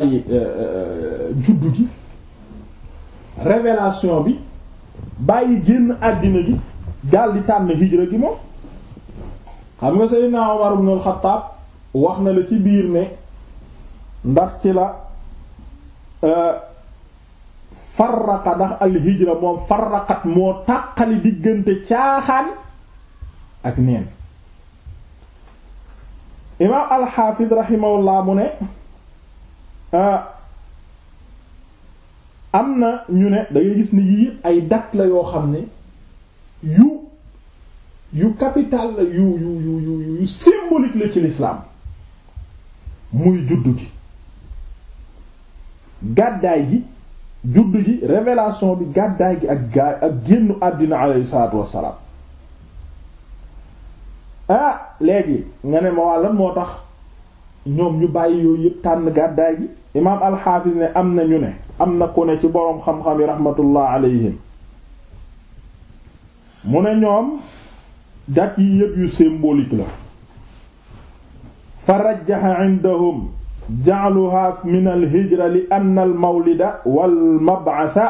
Euh, euh, juddu gi révélation bi bàyyi génn àddina gi daal di tànn hijra gi moom xam nga Seydina Omar ibn al la ci biir ne ndax ci la euh, farraqa ndax al-hijra moom farraqat moo tàqali diggante caaxaan ak neen imaam al-Hafiz rahimahullah mu ne Ah, am na ñu ne da gis ni yii ay date la yoo xam ne yu yu capital la yu yu yu yu yu la ci l'islam muy juddu gi gàddaay gi juddu gi révélation bi gàddaay gi ak gaay ak génn àddina alayhi salaatu wassalaam ah léegi nga ne ma waa lan moo tax ñoom ñu bàyyi yooyu tànn gàddaay gi imaam alxaafis ne am na ñu ne am na ku ne ci boroom xam-xam yi raxmatullah mu ne ñoom date yi yëpp yu symbolique la fa rajjaha indahum ja'luha min alhijra li anna almawlida walmab'atha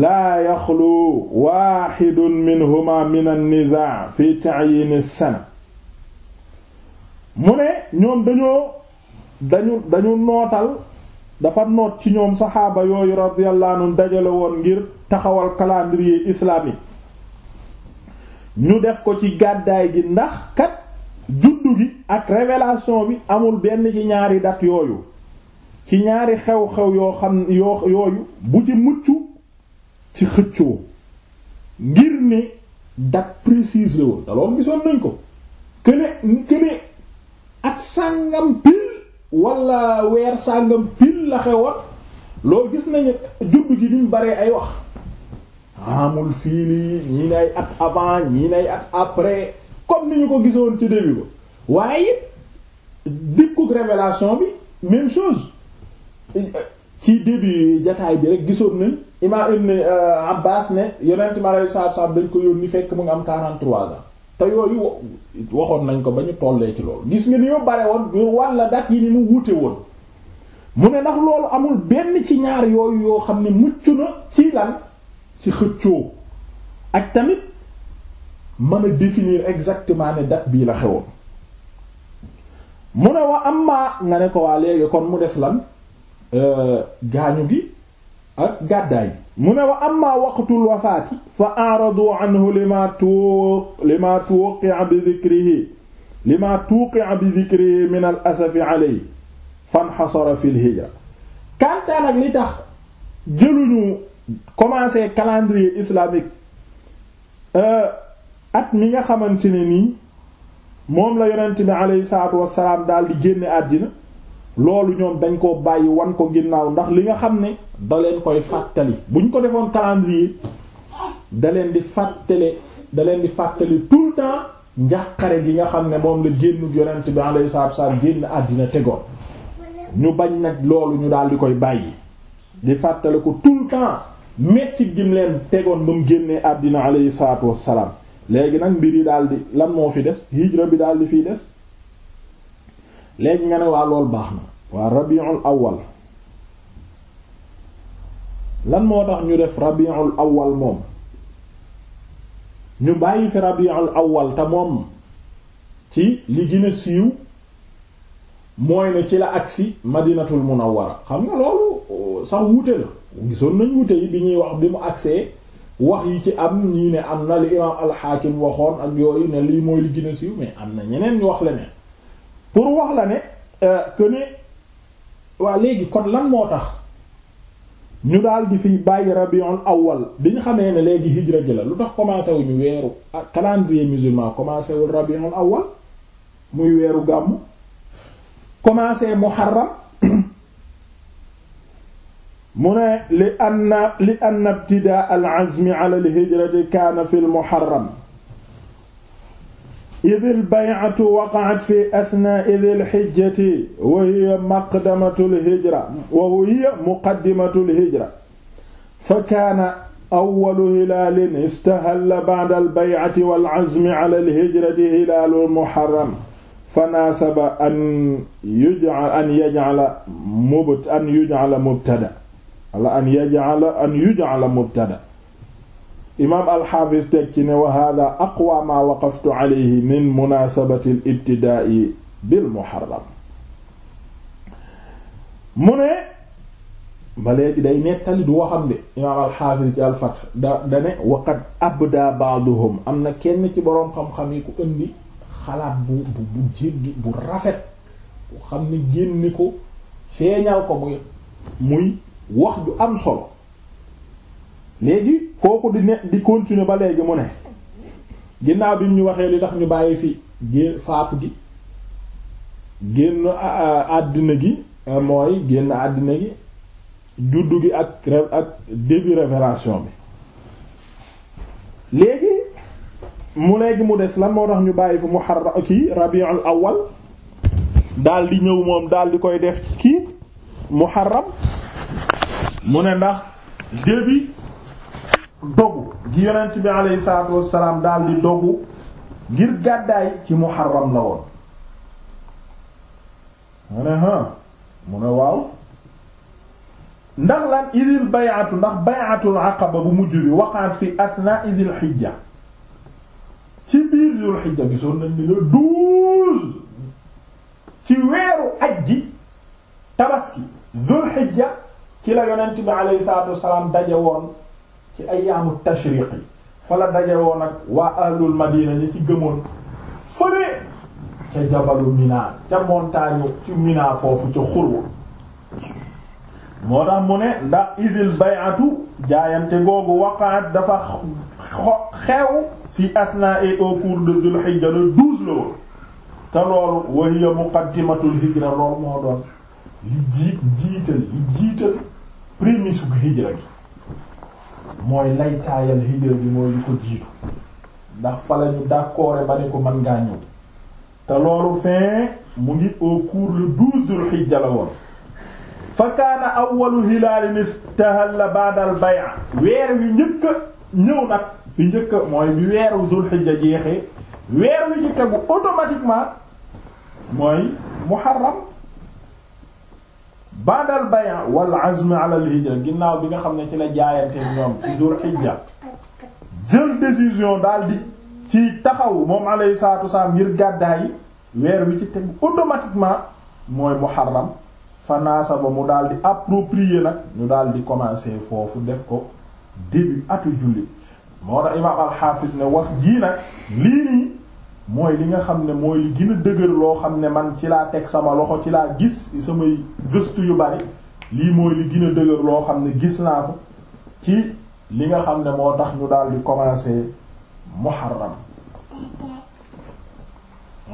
laa yaxlu waaxidun minhuma min annizaa fi ta'yin as mu ne ñoom dañoo dañu nootal dafa noot ci ñoom saxaaba yooyu radiyallahu anhum dajale woon ngir taxawal calendrier islamique ñu def ko ci gàddaay gi ndax kat juddu gi ak révélation bi amul benn ci ñaari dat yooyu ci ñaari xew-xew yoo xam yoo yooyu bu ci mucc ci xëccoo ngir ne date précise la gisoon nañ ko que ne que ne ak sàngam pil wala weer sàngam pil la xewoon loolu gis nañu judd gi ni mu ay wax amul fiili ñii nay at avant ñii nay at après comme ni ñu ko gisoon ci début ba waaye dikkug révélation bi même chose ci début jataay bi rek gisoon nañ imaam ibn euh, Abbas ne yonent mi alayhi salaatu wa dañ ko yónni fekk mu ngi am 43 ans te yooyu waxoon nañ ko ba ñu tollee ci loolu gis nga ni mu bare woon walla dat yi ni mu wuute woon mu ne ndax loolu amul benn ci ñaar yooyu yoo xam ne mucc na ci lan ci xëccoo ak tamit mën a définir exactement ne dat bii la xewoon mu ne wa am maa nga ne ko waa léegi kon mu des lan euh, gaañu gi ak gàddaay mu ne wa amma waqtul wafaati fa aradu anhu lima tu lima tuqi'a bi dhikrihi lima tuqi'a bi dhikrihi min al asafi alayhi fanhasara fil hijra kantaa nag li tax jëluñu commencé calendrier islamique euh, at mi nga xamante ne nii moom la yonent bi alayhi salaatu wassalaam daal di génne àddina loolu ñoom dañ koo bàyyi wan ko ginnaaw ndax li nga xam ne da leen koy fàttali buñ ko defoon calendrier da leen di fàttale da di fàttali tout le temps njàqare gi nga xam ne moom la génn yonent bi alayhi salaatu wasallam génn àddina tegoon ñu bañ nag loolu ñu daal di koy bàyyi di fàttale ko tout le temps metti mu leen tegoon ba mu génnee àddina alayhi salaatu wassalaam léegi nag mbir yi daal di lan moo fi des hijra bi daal di fiy des léegi nga ne waa loolu baax na waa rabiul awal lan moo tax ñu def rabiul awal moom ñu bàyyi fi rabiul awal te moom ci li gën a siiw mooy ne ci la agsi madinatul munawwara xam nga loolu euh, sax wuute la gisoon nañ wuute yi bi ñuy wax bi mu agsee wax yi ci am ñii ne am na li imaam alxaakim waxoon ak yooyu ne lii mooy li gën a siiw mais am na ñeneen ñu wax leneen pour wax la ne euh, que waa léegi kon lan moo tax ñu daal di fiy bàyyi rabiul awal bi ñu xamee ne léegi hijra gi la lu tax commencé wu ñu weeru ah, calendrier musulman commencé wul rabiul awal muy weeru gàmmu commencé muharram mu ne li an li anna ibtidaa al azmi ala al hijrati kaana fil muharram idil bay'atu waqa'at fi asna idil xijjati wa hiya maqdamatul hijra wa hiya muqaddimatul hijra fa kaana awwalu hilaalin istahalla ba'dal bay'ati wal 'azmi 'alal hijrati hilaalul muharram fanaasaba an yuj'ala an yaj'ala mubt an yuj'ala mubtada wala an yaj'ala an yuj'ala mubtada imaam alxaafis teg ci ne wa hada aqwa ma waqaftu alayhi min munasabati al ibtidaai bil muharram mu ne ba léegi day nettali du waxam de imaam alxaafis ci alfath da da ne waqad abda baaduhum am na kenn ci boroom xam-xam yi ku indi xalaat bu bu bu jéggi bu rafet bu xam ne génne ko feeñal ko muy muy wax ju am solo léegi kooku di ne di continuer ba léegi mu ne ginnaaw bi ñu waxee li tax ñu bàyyi fi gé faatu gi génn àddina gi mooy génn àddina gi juddu gi ak ak début révélation bi léegi mu léegi mu des lan moo tax ñu bàyyi fi muharram kii rabiul awal daal di ñëw moom daal di koy def kii muharram mu ne ndax début dogu gi yonent bi aleyhi salaatu wassalaam daal di dogu ngir gàddaay ci muharram la woon mu ne waaw ndax lan idil bay'atu ndax bay'atul aqaba bu mujj bi waqaat fi asna idil xijja ci biir dul xijja gisoon nañ ni le douze ci weeru ajji tabaski dul xijja ci la yonent bi aleyhi salaatu wassalaam daje woon ci ayaamu tashriq yi fa la daje woon ak waa ahlul madina ñi ci gëmoon fële ca jabalu mina ca montagne ci mina foofu ca xurwa moo tax mu ne ndax idil bay'atu jaayante googu waqaat dafa xew fi asna'i au cours de Dhul Hijja le la woon te loolu wa hiya muqaddimatul hijra loolu moo doon li jiit jiital li jiital prémisse gu hijra gi mooy laytaayal hijra bi mooy li ko jiitu ndax fa la ñu d'accord ba ne ko mën ngaa ñëw te loolu fin mu ngi au cours le dul hijja la woon fa kaana awwalu hilaalin istahalla ba'da al bay'a weer wi njëkk a ñëw nag bi njëkk a mooy bi weeru dul hijja jeexee weer wi ci tegu automatiquement mooy muharram ba'dal bay' wal azm ala al ginnaaw bi nga xam ne ci la jaayante ñoom ci dul hijja jël décision daal di ci taxaw moom alayhi salaatu wasalaam ngir gàddaay yi weer wi ci teg automatiquement mooy muharram fanaasa ba mu daal di approprier nag ñu dal di commencer foofu def ko début atu julli moo tax imaam al ne wax jii nag lii nii mooy li nga xam ne mooy li gën a dëgër loo xam ne man ci laa teg sama loxo ci laa gis samay gëstu yu bari lii mooy li gën a dëgër loo xam ne gis naa ko ci li nga xam ne moo tax ñu daal di commencer muharram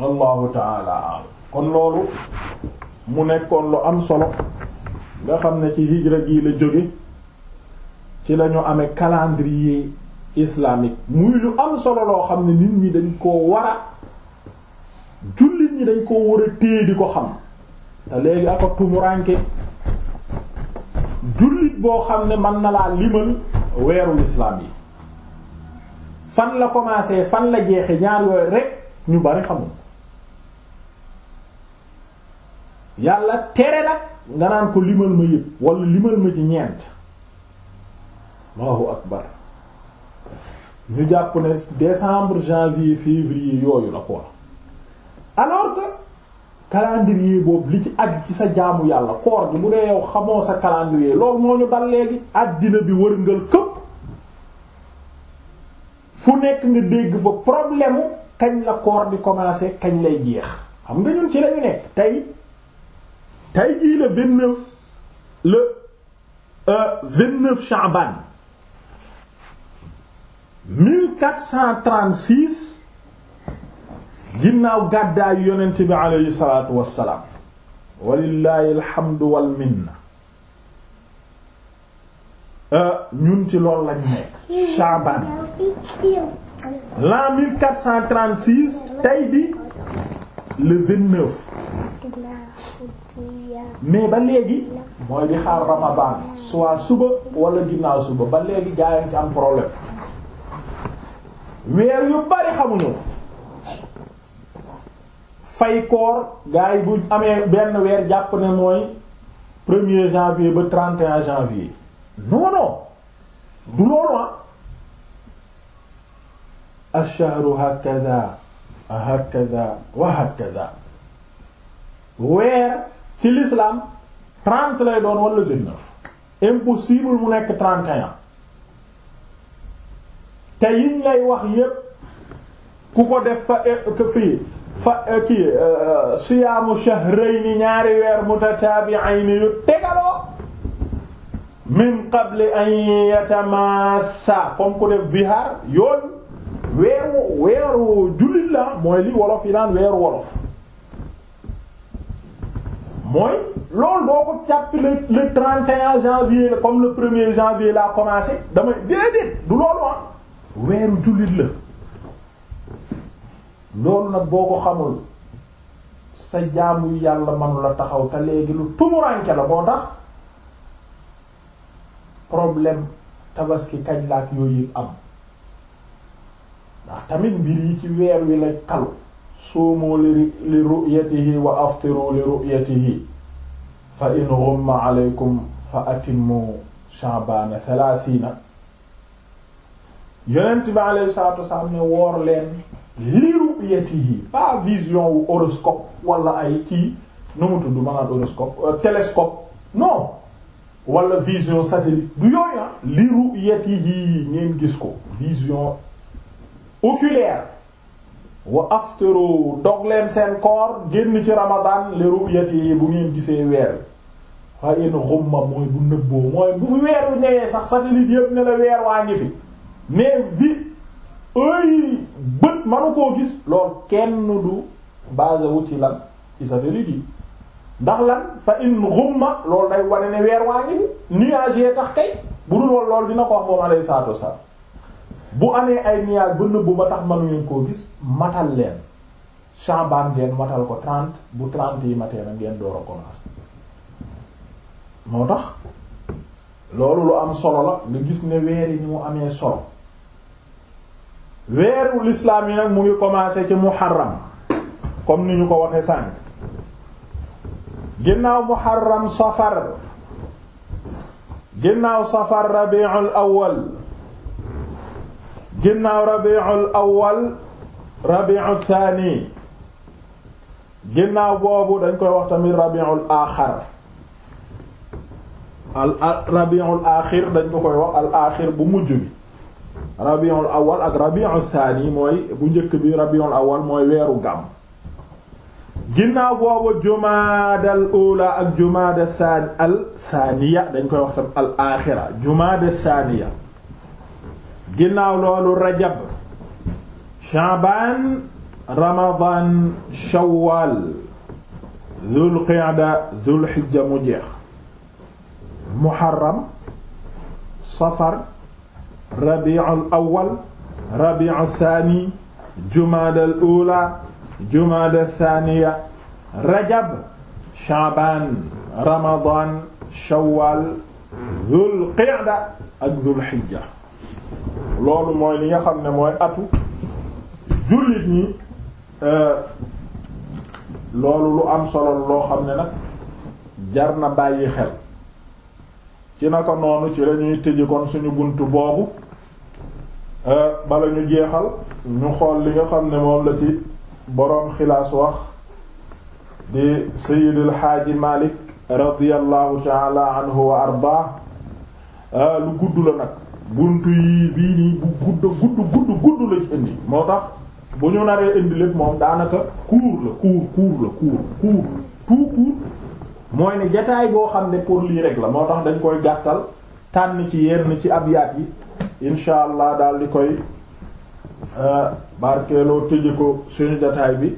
wallahu am kon loolu mu nekkoon lu am solo nga xam ne ci hijra gii la jóge ci lañu amee calendrier islamique muy lu am solo loo xam ne nit ñi dañ koo war a jullit ñi dañ koo war a téye di ko xam te léegi aka tumuranke jullit boo xam ne man na limal weeru lislaam yi fan la commencé fan la jeexe ñaar yooyu rek ñu bari xamul yàlla tere nag nga naan ko limal ma yëpp wala limal ma ci ñeent Allahu akbar ñu jàpp ne décembre janvier février yooyu la quoi alors que calendrier boobu li ci aju ci sa jaamu yàlla koor gi mu dee yow xamoo sa calendrier loolu moo ñu dal léegi àddina bi wërngal këpp fu nekk nga dégg fa problème kañ la koor bi commencé kañ lay jeex xam nga ñun ci lañu nekk tey tey jii le vingt neuf le euh, vingt 1436 ginnaaw gàddaayu yonent bi aleyhi salaatu wassalaam walillaahi alhamdu wal minna euh, ñun ci loolu lañ nekk Chaban l'an 1436 tey di le 29 ba léegi mooy di xaar Ramadan soit suba walla ginnaaw suba ba léegi gaa yi am problème weer yu bari xamuñu fay koor gars bu amee benn weer jàpp ne mooy premier janvier ba 31 janvier non non du loolu ah ash-shahru hakaza hakaza weer ci l'islam 30 lay doon wala mu nekk 31 te yiñ lay wax yépp ku ko def fa eh, fii fa eh, kii eh, siyaamu shahrayni ñaari weer mutataabi'ayni yu tegaloo min qabli an yatamassa comme ku def bihaar yooyu weeru weeru la mooy li wolof yi naan weeru wolof mooy loolu doo ko jàpp le le 31 janvier comme le premier janvier laa commencé damay déedéet du loolu ah weeru jullit la loolu nag boo ko xamul sa jaamu yàlla manu la taxaw te léegi lu tumuranke la boo tax problème tabaski kaj laak yooyu am ndax tamit mbir yi ci weer wi la kalu suumu li li ru'yatihi wa aftiru li ru'yatihi fa in ghumma alaykum fa atimmu sha'bana thalathina yonent bi alayhi salaatu wasalaam woor leen li ru'yatihi pas vision wu horoscope wala ay kii nu mu tudd maanaam horoscope euh, télescope non wala vision satellite du yooyu ah li ru'yatihi ngeen gis ko vision oculaire wa aftaru dog seen koor génn ci ramadan li ru'yatihi bu ngeen gisee weer fa in ghumma mooy bu nëbboo mooy bu fi weer wi sax satellite yëpp ne la weer waa ngi fi mais vi ay bët manu koo gis lool kenn du basé wu ci lan ci satellite yi ndax lan fa in ghumma loolu day wane ne weer waa ngi fi nuage yee tax kay bu dul woon loolu dina ko wax moom alayhi salaatu wasalaam bu amee ay nuage ba nëbbu ba tax manu ngeen koo gis matal leen Sha'ban matal ko trente bu trente yi matee na ngeen door a commencer moo tax loolu lu am solo la nga gis ne weer yi amee solo weeru lislaam yi nag mu ngi commencé ci muharram comme ni ñu ko waxee sànq ginnaaw muharram safar ginnaaw safar rabi'ul awwal ginnaaw rabi'ul awwal rabi'ul thani ginnaaw boobu dañ koy wax tamit rabi'ul axir al rabi'ul dañ ko koy wax al bu mujj bi rabiul awal ak rabiul thani mooy bu njëkk bi rabiul awal mooy weeru gàmm ginnaaw boobu jumaadal ula ak jumaada san al thaniya dañ koy wax tam al axira jumaada thaniya ginnaaw loolu rajab shaaban ramadan shawwal dhul qa'da dhul hijja mu jeex muharram safar rabi'ul awwal rabi'u thani jumaadal ula jumaadal thaniya rajab shaaban ramadan shawwal dhul qa'da ak dhul hijja loolu mooy li nga xam ne mooy atu jullit ñi euh, loolu lu am solo loo xam ne nag jar na bàyyi xel ci naka noonu ci lañuy tëji kon suñu bunt boobu Euh, bala ñu jeexal ñu xool li nga xam ne moom la ci boroom xilaas wax di sayidul xaaji malik radiallahu taala anhu wa ardaa euh, lu gudd la nag bunt yi bii nii bu gudd gudd gudd gudd la ci indi moo tax bu ñu naree indi lépp moom daanaka kuur la kuur kuur la kuur kuur tout kuur mooy ne jataay boo xam ne pour lii rek la moo tax dañ koy gàttal tànn ci yenn ci abyaat yi incha allah daal di koy euh, barkeeloo tëj ko suñu jotaay bi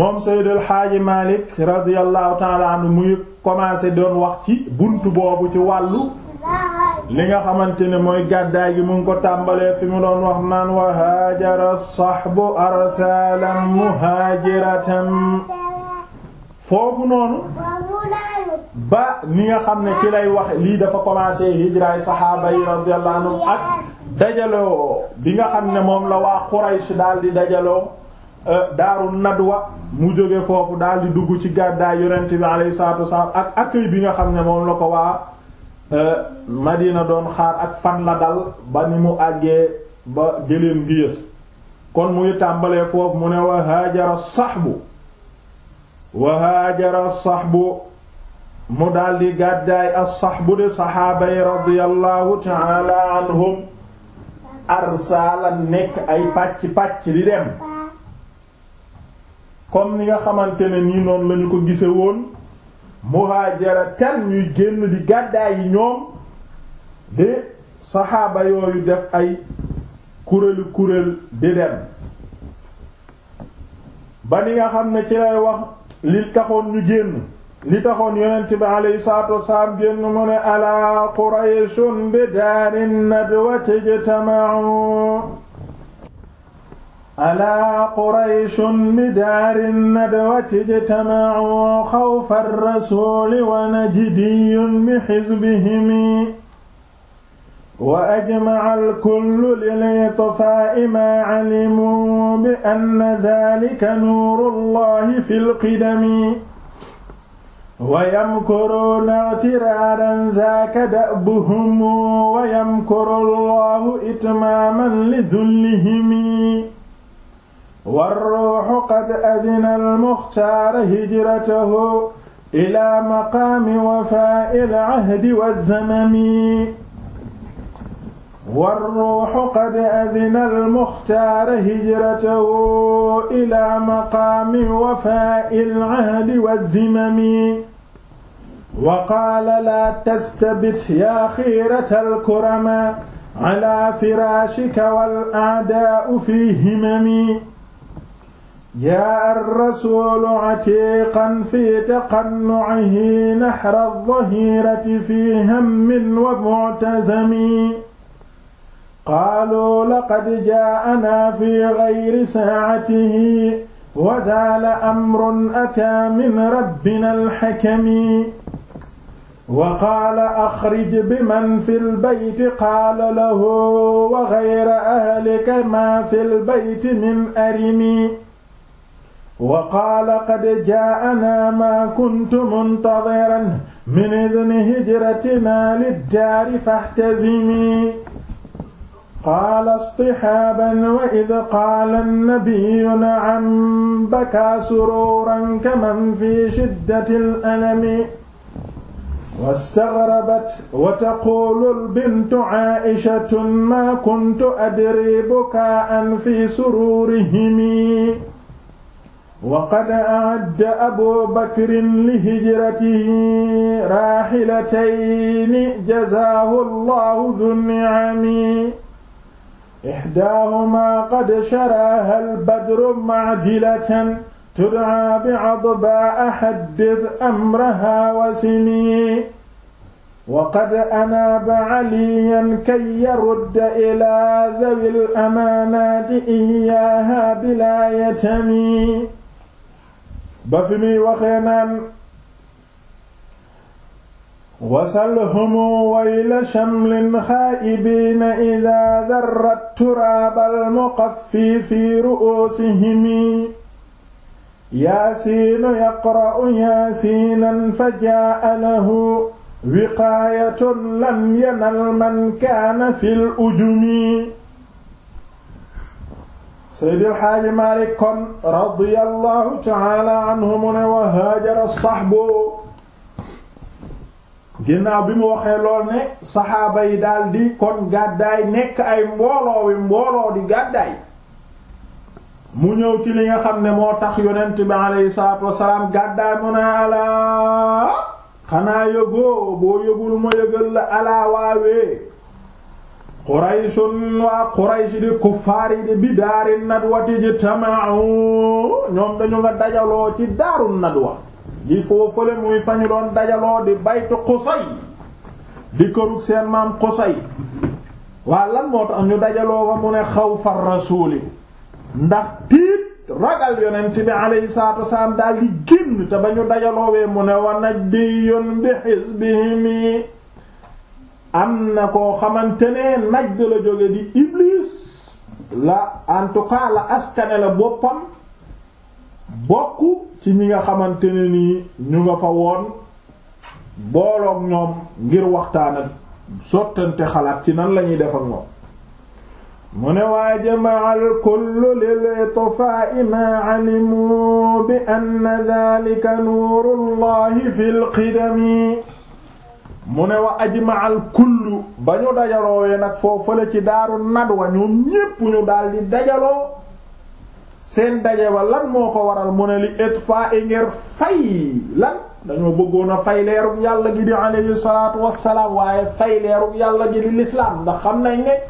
moom Seydou El Hadj Malick radiyallahu taala anhu muy commencé doon wax ci bunt boobu ci wàllu li nga xamante ne mooy gàddaay gi mu ngi ko tàmbalee fi mu doon wax naan wa haajara sahbu arsalan muhaajiratan foofu noonu. ba ni nga xam ne ci lay wax lii dafa commencé hijraay saxaaba yi radiyallahu anhum ak dajaloo bi nga xam ne moom la waa Quraysh daal di dajaloo euh, daaru nadwa mu jóge foofu daal di dugg ci gàddaay yonent bi alayhi salaatu wasalaam ak accueil bi nga xam ne moom la ko waa euh, Madina doon xaar ak fan la dal ba ni mu àggee ba gëléem gi yës kon muy tàmbalee foofu mu ne wa haajara saxbu wa haajara saxbu mu daldi gàddaay asax bu de saxaaba yi radiyallahu ta'ala anhum nekk ay pàcc-pàcc di dem comme ni nga xamante ne nii noonu lañu ko gise woon muhaajiratan ñuy génn di gàddaay yi ñoom di saxaaba yooyu def ay kuréelu kuréel di dem ba ni nga xam ne ci lay wax li taxoon ñu génn li taxoon yonent bi alayhi salaatu wasalaam génn mu ne alaa qurayshun bi daari nadwati ijtama'u alaa qurayshun bi daari nadwati ijtama'u xawfa rasuuli wa najdiyun bi xizbihim wa ajma'a al-kullu li-i'tifaa'i maa 'alimu bi anna dhaalika nuurullahi fil qidami wa yamkuruuna itiraaran zaaka da'buhum wa yamkuru allahu itmaaman li dullihimi warruuxu qad adina almuxtaara hijratahu ilaa maqaami wafaa'i alcahdi wazamani والروح قد أذن المختار هجرته إلى مقام وفاء العهد والذمم وقال لا تستبت يا خيرة الكرم على فراشك والأعداء في همم جاء الرسول عتيقا في تقنعه نحر الظهيرة في هم ومعتزم qaalu laqad jaa'anaa fi gayri saa'atihi wa daala amrun ataa min rabbina alxakami wa qaala axrij biman fi lbayti qaala lahu wa gayra ahlika maa fi lbayti min arimi wa qaala qad jaa'anaa maa kuntu muntadiran min idni hijratinaa liddaari fahtazimi qaala istihaaban wa id qaala nabiyu na'am bakaa suruuran kaman fi shiddatil alami wastaghrabat wa taquulu al-bintu aa'ishatun maa kuntu adrii bukaa'an fi suruurihimi wa qad a'adda abuu bakrin lihijratihi raahilatayni jazaahu llaahu dhu ni'ami ixdaahuma qad sharaaha albadru macjilatan tudcaa bicadbaa axaddis amraha wasini waqad anaaba caliyan kay yarudda ilaa dawi lamaanaati iyaaha bilaa yatami ba fi muy waxee naan wasalhum wayla shamlin xaa'ibiina idaa darrat turaabal muqaffi fi ru'uusihim yaasiinu yaqra'u yaasiinan fajaa'a lahu wiqaayatun lam yanal man kaana fil ujumi Seydi El Hadji Malick kon radiyallahu ta'aala anhu mu ne wa haajara sahbu ginnaaw bi mu waxee lool ne saxaaba yi di kon gàddaay nekk ay mbooloo wi mbooloo di gàddaay mu ñëw ci li nga xam ne moo tax yonent bi alayhi salaatu wassalaam gàddaay mu naa alaa xanaa yëgoo boo yëgul ma yëgal la alaa waawee qurayshun waa quraysh di kuffaar di bi daarin nadwati ji tamaaw ñoom dañu nga dajaloo ci daarun nadwa di foofale muy fa ñu doon dajaloo di baytu Qusay di kërug seen maam Qusay waa lan moo tax ñu dajaloo fa mu ne xaw xawfa rasuuli ndax tiit ragal yonent bi alayhi salaatu wasalaam daal di génn te ba ñu dajaloowee mu ne wa najdiyun bi hizbihimi am na koo xamante ne Najd la jóge di Iblis la en la askane la boppam bokk ci ñi nga xamante ne nii ñu nga fa woon booloog ñoom ngir waxtaan ak sottante xalaat ci nan lañuy def ak mu ne waa jama'al kullu lil itfaa'i ma alimu bi anna dhalika nuurullahi fil qidami mu ne wa ajma'al kullu ba ñu dajaloo nag foofale ci daaru nadwa ñoom ñépp ñu daldi dajaloo seen daje ba lan moo ko waral mu ne li itfa e ngir fay lan dañoo bëggoon a fay leerug yàlla gi di alayhi salaatu wassalaam waaye fay leerug yàlla gi di ndax xam nañ ne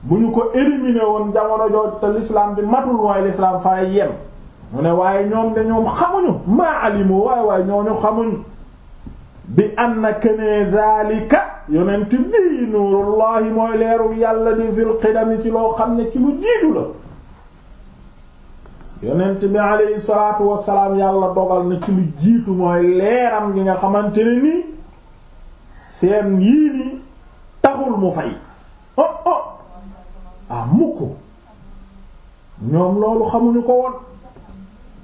bu ñu ko éliminer woon jamono jooj te l'islam bi matul mooy l'islam fa yem mu ne waaye ñoom de ñoom xamuñu maa alimu waaye waaye ñooñu xamuñu bi anna kene zalika yonent bii nuurullahi mooy leerug yàlla di fil qidami ci loo xam ne ci lu jiitu la yonent bi alayhi salaatu wasalaam yàlla dogal na ci lu jiitu mooy leeram gi nga xamante ne seen yii nii taxul mu fay oh, oh. ah mukk ñoom loolu xamuñu ko won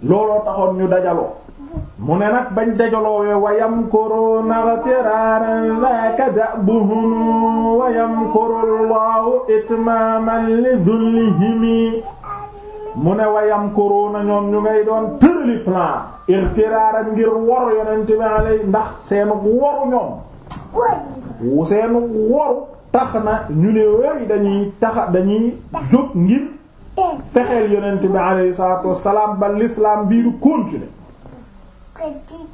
looloo taxoon ñu dajaloo mu ne nag bañ dajaloo we wayam koro nagatiraran zaka da'buhum wayam korollahu itmaman li dhullihimi mu ne wayam korona ñoom ñu ngay doon tërali plan irtiraaram ngir woru yonent bi alay ndax seenug woru ñoom seenug woru tax na ñu ne wéy dañuy tax dañuy jóg ngir fexeel yonent bi aleyhi salaatu wassalaam ba lislaam bii du continuer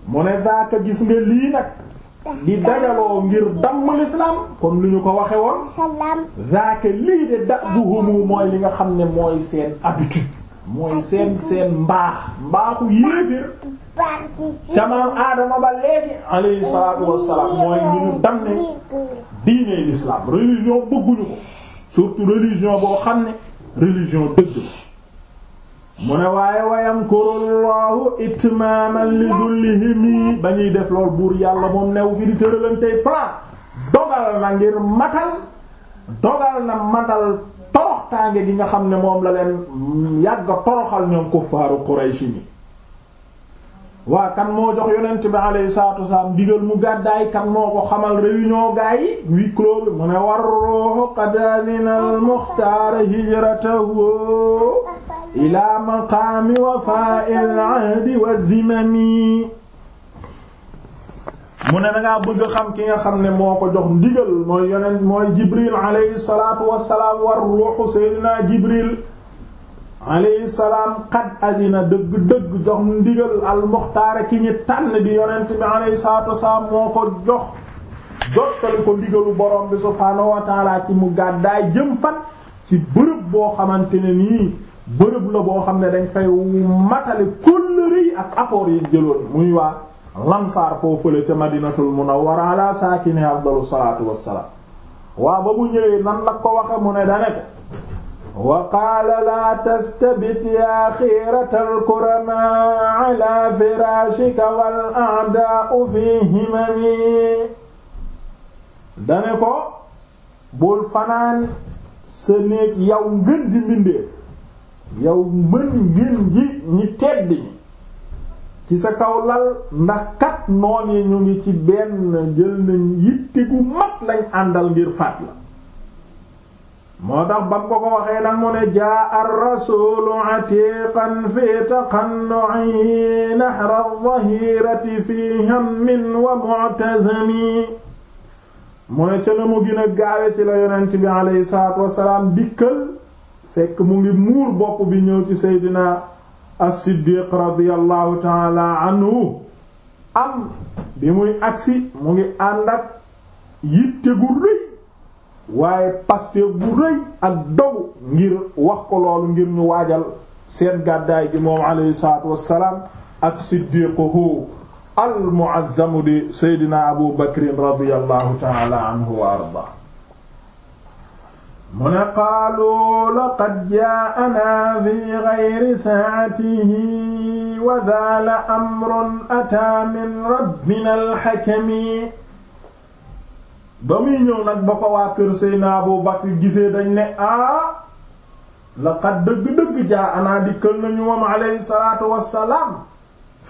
mu ne daaka gis nga lii nag di dajaloo ngir damm l'islam comme li ñu ko waxe woon zaake lii de da mooy li nga xam ne mooy seen habitude mooy seen seen mbaax mbaaxu yéeféer ca maam aadama ba léegi alayhi salaatu wassalaam mooy ñu ñu damm ne diine religion bëgguñu ko surtout religion boo xam ne religion dëgg la mu ne waaye wayam kurullahu itmaaman li dullihimi ba ñuy def lool buur yàlla moom new fi di tëralantey plan dogal na ngir matal dogal na matal toroxtaange gi nga xam ne moom la leen yàgg toroxal ñoom kuffaaru Qurayshi ni waa kan moo jox yonent bi alayhi salaatu wasalaam digal mu gàddaay kan moo ko xamal réunion gaa yi huis clos mu ne war ruuhu qad adina al ilaa maqaami wafaa'il ahdi wa dhimami mu ne dangaa bëgg a xam ki nga xam ne moo ko jox ndigal mooy yonent mooy jibril alayhi salaatu wassalaam war ruuxu seydinaa jibril alayhi salaam qad adina dëgg-dëgg jox ndigal almuxtaara ki ñi tànn di yonent bi alayhi salaatu wassalaam moo ko jox jottali ko ndigalu borom bi subhaanahu wa taala ci mu gàddaay jëm fan ci bërëb boo xamante ne nii bërëb la boo xam ne dañ fay matale kóllëre yi ak accords yi jëloon muy waa lamsaar foofu la ca madinatul munawwara ala saakini afdalu salaatu wassalaam waa ba mu ñëwee nan la ko waxe mu ne dane ko wa qaala laa tastabit yaa xiiratal kuramaa ala firaashika wal a'daa'u fi himami dane ko bul fanaan sa néeg yow ngën di mbindeef yow mën ngeen ji ñi tedd ñi ci sa kaw lal ndax kat noon yi ñu ngi ci benn jël nañ yitte gu mat lañ àndal ngir faat la moo tax bam ko ko waxee nag mu ne jaa ar-rasuulu atiqan fi taqannu'i nahra adh-dhahirati fi hammin wa mu'tazami mu ne ca na mu gën a gaawe ci la yonent bi alayhi salaatu wassalaam fekk mu ngi muur bopp bi ñëw ci seydina as-siddiq radiyallahu taala anhu am bi muy agsi mu ngi ànd ak yitte gu waaye pastéef bu rëy ak dogu ngir wax ko loolu ngir ñu waajal seen gàddaay gi moom alayhi salaatu wassalaam ak siddiquhu al mu'azzamu di seydina abu bakrin radiyallahu taala anhu wa arda mu ne qaalu laqad jaa'anaa fi gayri saatihi wa daa la amrun ataa min rabbina alxakami ba muy ñëw nag ba ko waa kër Seydina Abu Bakr gisee dañ ne aa laqad dëgg-dëgg jaa'anaa dikkal nañu moom alayhi salaatu wassalaam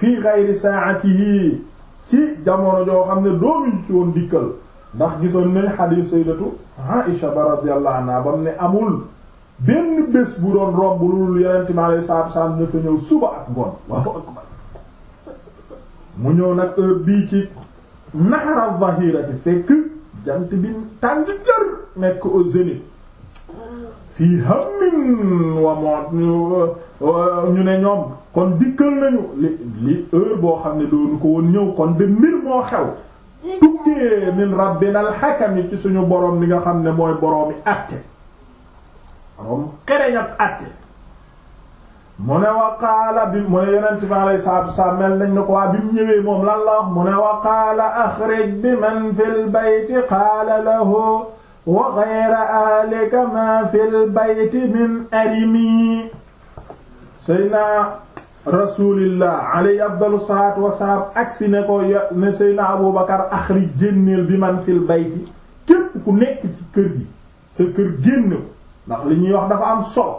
fi gayri saatihi ci jamono joo xam ne doomuñu ci woon dikkal ndax gisoon nañ xadiis sayyidatu Aisha ba radiyallahu anha bam ne amul benn bés bu doon romb lu yonent mi alayhi ñëw suba ak ngoon mu ñëw nag heure bii ci nahara zahirati fekk jant bi tàng jër nekk au fii hammin wa moom ñu ne ñoom kon dikkal nañu li li heure boo xam ne doonu ko woon ñëw kon de mbir moo xew tukkee min rabbina alxakami ci suñu borom li nga xam ne mooy boroomi àtte borom xereñ ak àtte mu ne waqaala bi mu ne yonent bi alayhi salaatu wasalaam mel nañ ne ko waa bi mu ñëwee moom lan la wax mu ne waqaala axrij bi man fi lbayti qaala lahu wa ghayra ahlika ma fi lbayti min arimi sëy naa rasulillah alayhi afdalu salaatu wasalaam agsi ne ko ne seydna abubakar axrij génneel bi man fil bayti képp ku nekk ci kër gi sa kër génn ndax li ñuy wax dafa am solo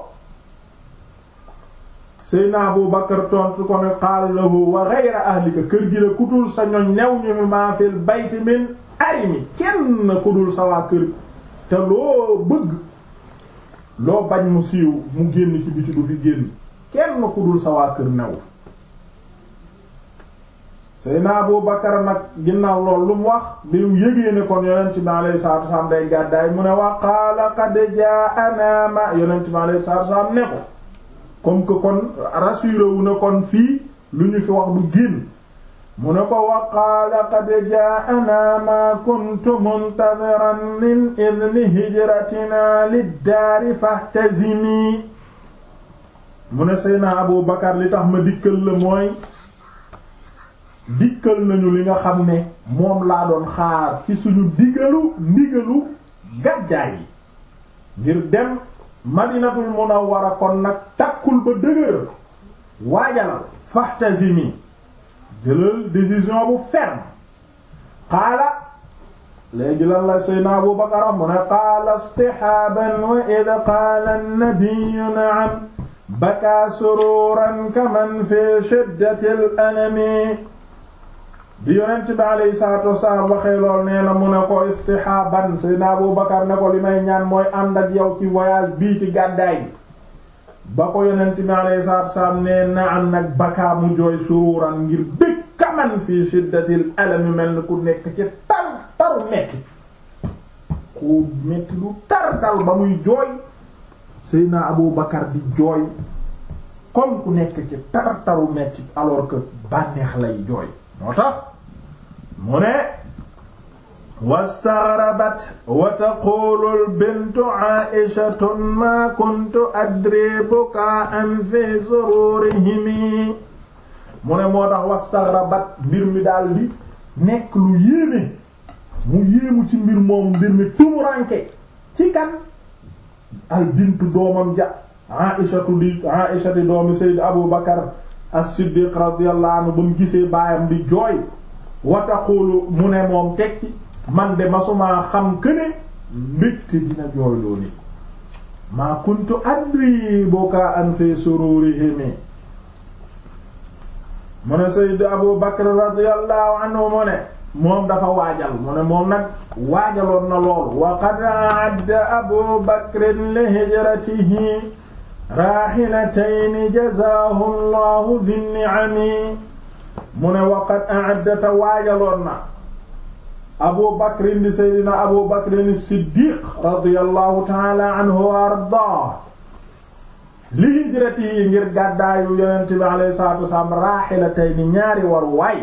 seydna abubakar tontu ko ne qaala lahu wa ghayra ahlika kër gi la ku dul sa ñoñ new ñu mi maa fil bayti min arimi kenn ku sa waa kër te loo bëgg loo bañ mu siiw mu génn ci biti du fi génn kenn ku dul sa waa kër new Seydina Abu nag ginnaaw loolu lu mu wax bi mu yëgee ne kon yonent bi alayhi salaatu salaam day gàddaay mu ne wa qaala qad jaa'anaa ma yonent bi alayhi salaatu salaam ne ko comme que kon rassuré wu kon fii lu ñu fi wax du génn mu ne ko wa qaala qad jaa'anaa ma kuntu muntadhiran min idni hijratinaa liddaari fahtazimii mu ne Seydina Abu Bakar li tax ma dikkal la mooy dikkal nañu li nga xam ne moom laa doon xaar ci suñu digalu ndigalu gàddaay yi ngir dem Madinatul Munawwara kon nag takkul ba dëgër waajalal fahtazimi jëlal décision bu ferme qaala léegi lan la Seydina Abu Bakar mu ne qaala istihaaban wa idh qaala an-nabiyyu na'am bakaa suruuran kaman fi shiddatil anami bi yonent salaatu wasalaam waxee lool nee na mu ne ko istihaaban Seydina Abu Bakar ne ko li may ñaan mooy ànd ak yow ci voyage bii ci gàddaay ba ko yonent salaatu wasalaam nee na am nag bakaa mu jooy suruuran ngir bég kaman fi shiddatil alami mel ni ku nekk ci tar taru metti ku metti lu tar dal ba muy jooy Seydina Abu Bakar di jooy comme ku nekk ci tar-taru metti alors bànneex lay jooy moo tax mu ne wastaghrabat wa taqulu al-bintu ma kuntu adri buka am fi sururihimi mu ne moo tax wastaghrabat mbir mi daal di nekk lu yéeme mu yéemu ci mbir moom mbir mi tumuranke ci kan al bintu doomam ja aïshatu di aïsha di doomi sayyid abu bakar as-siddiq radiyallahu anhu ba mu gisee baayam di jooy wa mu ne moom tekki man de masumaa xam këne mbégte dina jooyloo nit maa kuntu adri bukaan fi sururihim mu ne sayyid abu bakar radiyallahu anhu mu ne moom dafa waajal mu ne moom nag waajaloon na loolu wa qad adda abu bakrin li hijratihi raaxilatayni jazaahu llahu bi ni'ami mu ne wa qad adda te waajaloon na abu bakrin di seydina abu bakrin siddiq radiyallahu taala anhu wa ardaa li hijratihi ngir gàddaayu yonente bi alayhi salaatu wasalaam raaxilatayni ñaari war waay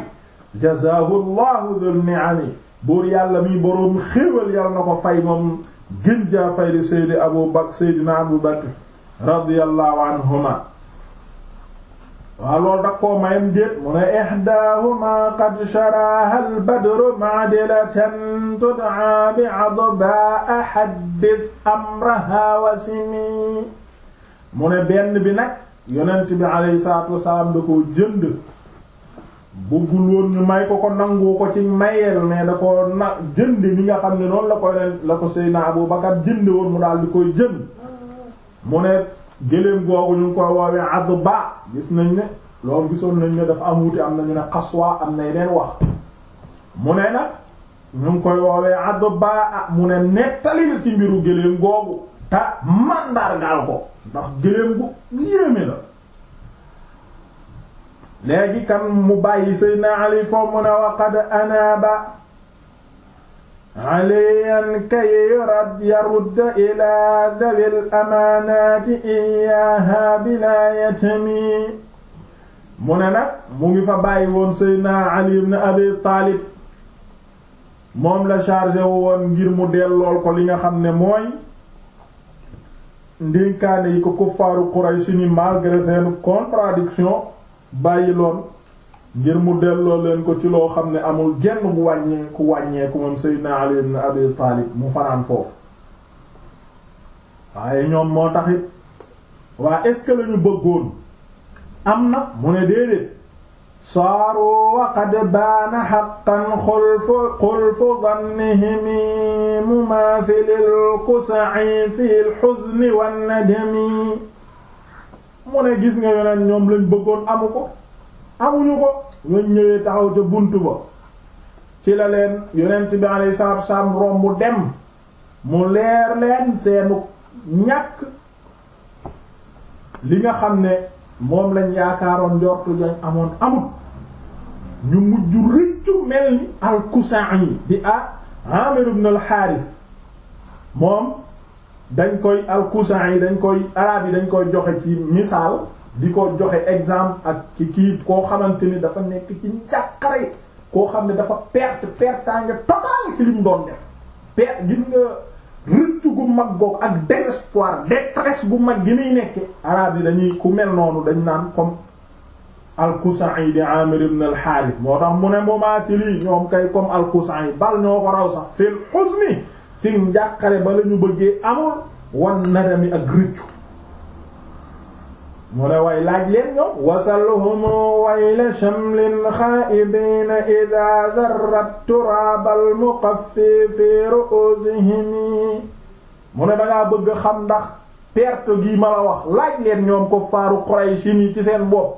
jazaahu llahu dhul ni'ami buur yàlla mi boroom xéewal yàlla na ko fay moom gën jaa fay li seydi abu bakr seydina abu bakr radiyallahu anhuma waaw loolu dak koo mayem déet mu ne ihdahuma qad sharaha al badru ma'dilatan tud'a bi adba haddith amraha wasimi mu ne benn bi nag yonent bi alayhi salaatu wasalaam da koo jënd bëggul woon ñu may ko ko nangu ko ci mayeel mais da ko na jënd li nga xam ne noonu la koy leen la ko Seydina Abu Bakar jënd woon mu daal di koy jën mu ne géléem googu ñu ngi koy woowee àdd ba gis nañ ne loolu gisoon nañ ne dafa am wuute am na ñu ne xaswa am na yeneen wax mu ne nag ñu ngi koy woowee àdd ba ah mu ne nettali ci mbiru géléem googu te mandargaal ko ndax géléem gu yéeme la léegi kan mu bàyyi Seydina Ali foo mu ne waqad anaaba aliyan kay yurad yarud ila dhawil amaanaati iyaaha bila yatami mu ne nag mu ngi fa bàyyi woon Seydina Ali ibn Abi Taalib moom la chargé woon ngir mu dellool ko li nga xam ne mooy ndénkaane yi ko kuffaaru Quraysh ni malgré seen contradiction bàyyiloon ngir mu delloo leen ko ci loo xam ne amul genn bu wàññee ku wàññeeku moom Seydina Ali ibn Abi Taalib mu fanaan foofu waaye ñoom moo taxit waa est-ce que lañu bëggoon am na mu ne déedéet saaru wa qad baana haqqan xulfu xulfu dannihimi mumaathilil qus'i fi al-huzni wan-nadami mu ne gis nga yeneen ñoom lañ bëggoon amu ko amuñu ko ñooñ ñëwee taxaw ca bunt ba ci la leen yonent bi alayhi salaatu wasalaam romb dem mu leer leen seenu ñàkk li nga xam ne moom lañ yaakaaroon njortu jañ amoon amut ñu mujj rëccu mel ni al-Kusa'i di a ah, Amir ibn al-Harith moom dañ koy alkusan yi dañ koy arab yi dañ koy joxe ci misaal di ko joxe exemple ak ci kii koo xamante ni dafa nekk ci njàqare koo xam ne dafa perte pertange total ci lim doon def perte gis nga rëccu gu mag googu ak désespoir détresse bu mag gi muy nekke arab yi dañuy ku mel noonu dañ naan comme al-Kusa'i di Amir ibn al-Harith moo tax mu ne moomaa ci lii ñoom kay comme al-Kusa'i bal ñoo ko raw sax fil huzni ci njàqare ba la ñu bëggee amul wan ak rëccu mu ne way laaj leen ñoom wasalhum wayla shamlin xaa'ibiin idaa darrat turaabal muqaffi fi ru'uusihim mu ne dangaa bëgg xam ndax perte gi ma la wax laaj leen ñoom ko faaru Quraysh yi ci seen bopp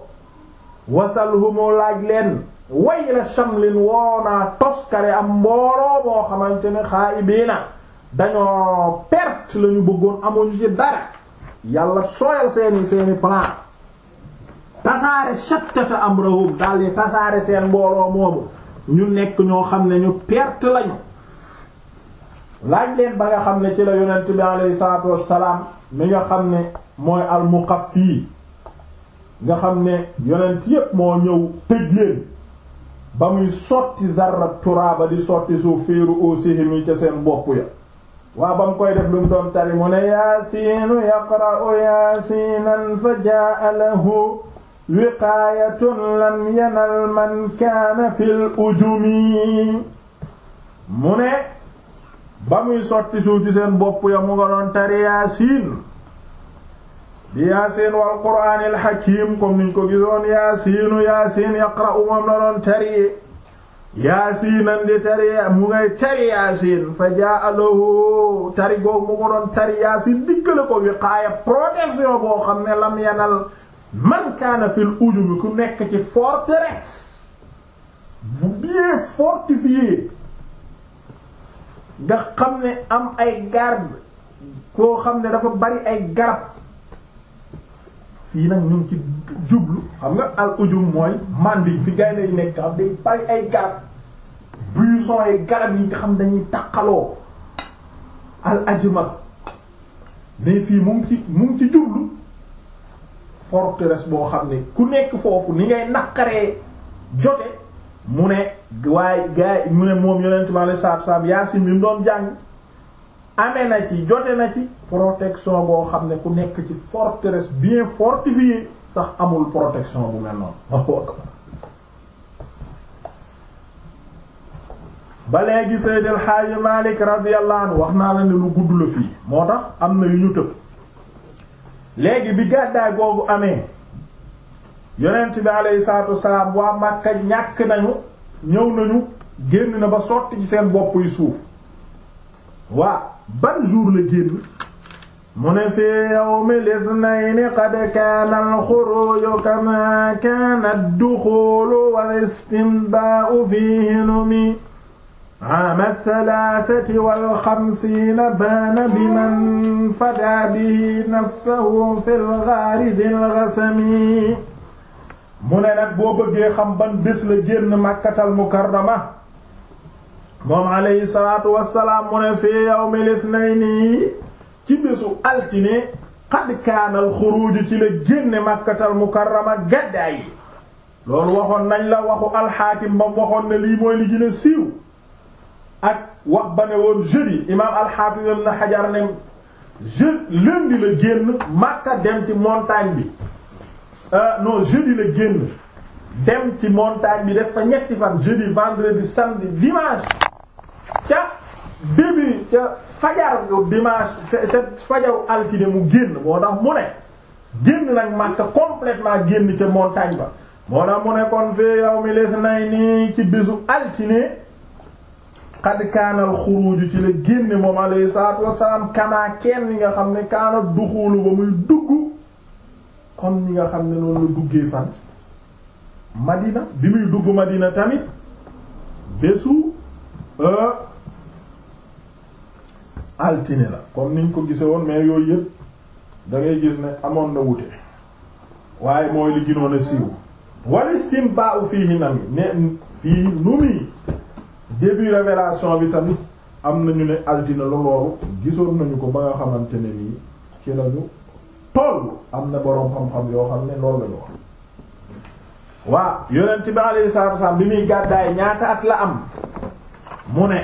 wasalhum laaj leen wayla shamlin woonaa toskare am mbooloo boo xamante ne xaa'ibiina dañoo perte lañu ñu bëggoon amuñu ci dara yàlla sooyal seeni seeni plan tasaare shattata amrahum daal di tasaare seen mbooloo moomu ñu nekk ñoo xam ne ñu perte lañu laaj leen ba nga xam ne ci la yonent bi alayhi salaatu wassalaam mi nga xam ne mooy al-Muqaffi nga xam ne yonent yépp moo ñëw tëj leen ba muy sotti zarra turaaba di sotti suuf féeru ausihim yi ca seen bopp ya waa ba koy def lu mu doon tari mu ne yaasiinu yaqra'u yaasiinan fa jaa'a lahu wiqaayatun lam yanal man kaana fil ujumi mu ne ba sotti suuf seen bopp ya mu tari yaasiin di yaasiin wal qur'aanil hakiim comme niñ ko gisoon yaasiinu yaasiin yaqra'u moom la doon tari yaasiinan di tari mu ngay tari yaasiin fa jaa lahu tari googu mu ko doon tari yaasiin diggale ko wiqaaya protection boo xam ne lam yanal man kaana fil ujubi ku nekk ci forteresse bu bien fortifié nga xam ne am ay garde koo xam ne dafa bari ay garab fii nag ñu ci jublu xam nga al ujum mooy màndi fi gaynde yi nekk am day bari ay garab buisson ay garab yi nga xam dañuy takkaloo al ajmal mais fii mu ngi ci mu ngi ci jublu forteresse boo xam ne ku nekk foofu ni ngay naqaree jote mu ne waaye gaay mu ne moom yonent bi alayhi salaatu wa salaam Yaasin bi mu doon jàng amee na ci jote na ci protection boo xam ne ku nekk ci forteresse bien fortifiée sax amul protection bu mel noonu ba léegi Seydou El Hadj Malick radiyallahu wax naa la ne lu gudd la fii moo tax am na yu ñu tëb léegi bi gàddaay googu amee yonent bi aleyhi salaatu wasalaam waa Makka ñàkk nañu ñëw nañu génn na ba sotti ci seen bopp yu suuf. waa ban jour la génn mu ne fii yawmil ithnayni qad kaana al-khuruuju kamaa kaana ad-duxuulu wal-istinbaa'u fiihi numi aama ath-thalaathati wal-khamsiina baana biman fadaa bihi nafsahu fil-ghaari dhil-ghasami mu ne nag boo bëggee xam ban bés la génn Makkatal Mukarrama moom alayhi salaatu wassalaam mu ne fii yawmil ithnayni ci bésu altine qad kaana al ci la génne makkatal mukarrama gaddaa yi loolu waxoon nañ la waxu alxaakim ba waxoon ne lii mooy li gën a siiw ak wax ba ne woon jeudi imaam alxaafiz ibn Hajar ne jeudi la génn Makka dem ci montagne bi euh, non jeudi la génn dem ci montagne bi def fa ñetti fan jeudi vendredi samedi dimanche ca début ca fajar gu dimanche ca fajaru altine mu génn moo tax mu ne génn nag Makka complètement génn ca montagne ba moo tax mu ne kon fee yawmil ithnayni ci bisu altine qad kaana al xuruuj ci la génn moom alayhi salaatu wassalaam kamaa kenn nga xam ne kaana duxuulu ba muy dugg kon mi nga xam ne noonu la duggee fan Madina bi muy dugg Madina tamit bésu Euh, altine la comme niñ ko gise woon mais yooyu yëpp da gis ne amoon na wute waaye mooy li ginoon a siiw wal istinbaa'u fiihi nam yi ne fii nu muy début révélation bi tamit am nañu ne altine la loolu gisoon nañu ko ba nga xamante ne nii ci lañu toll am na boroom xam-xam yoo xam ne loolu lañu wax waa yonent bi alayhi salaatu salaam bi muy gàddaay ñaata at la am mu ne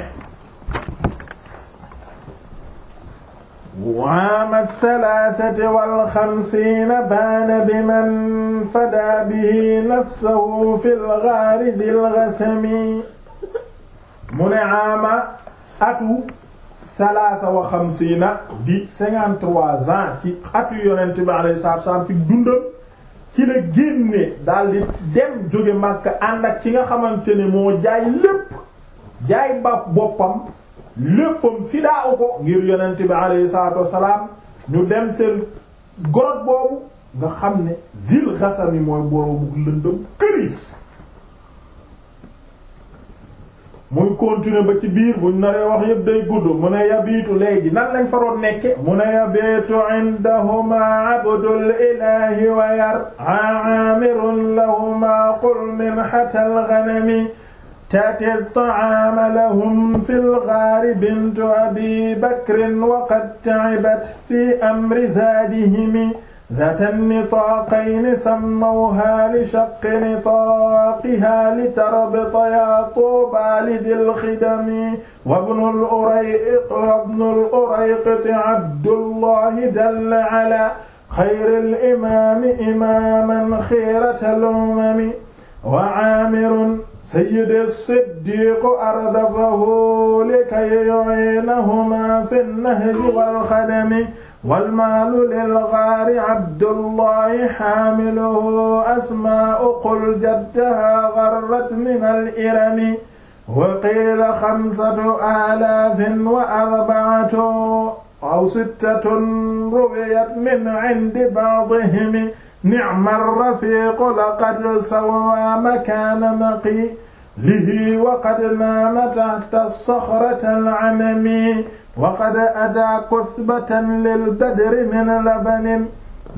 waama thalathati baana bi man fadaa bihi nafsahu fil ghaari dil ghasami mu ne atu salaasa wa xamsiina di ci atu yonent bi alayhi salaatu salaam ci dundam ci la génne daal dem jóge Makka ànd ak ki nga xamante ne moo jaay lépp jaay ba boppam léppam fidaa ko ngir yonent bi alayhi salaatu wassalaam ñu dem seen gorot boobu nga xam ne dil xasami mooy boromu lëndëm këris muy continuer ba ci biir buñ naree wax yëpp day gudd mu ne yabiitu léegi nan lañ faroon nekke mu ne yabiitu indahuma abdul ilahi wa yar amirun lahuma qul min hatal ghanami تأتي الطعام لهم في الغار بنت أبي بكر وقد تعبت في أمر زادهم ذات النطاقين سموها لشق نطاقها لتربط يا طوبى لذي الخدم وابن الأريق وابن الأريقط عبد الله دل على خير الإمام إماما خيرة الأمم وعامر sayyidi siddiqu ardafahu likay yu'inahuma fi nahji wal xadami wal maalu lil gaari abdullahi xaamiluhu asmaa'u qul jaddahaa garrat min al irami wa qiila xamsatu aalaafin wa arba'atun aw sittatun ruwiyat min cindi ba'dihim ni'ma rafiqu laqad sawwa makaana maqi lihi waqad naama tahta saxrati al-'amami waqad adaa kuthbatan lil badri min labanin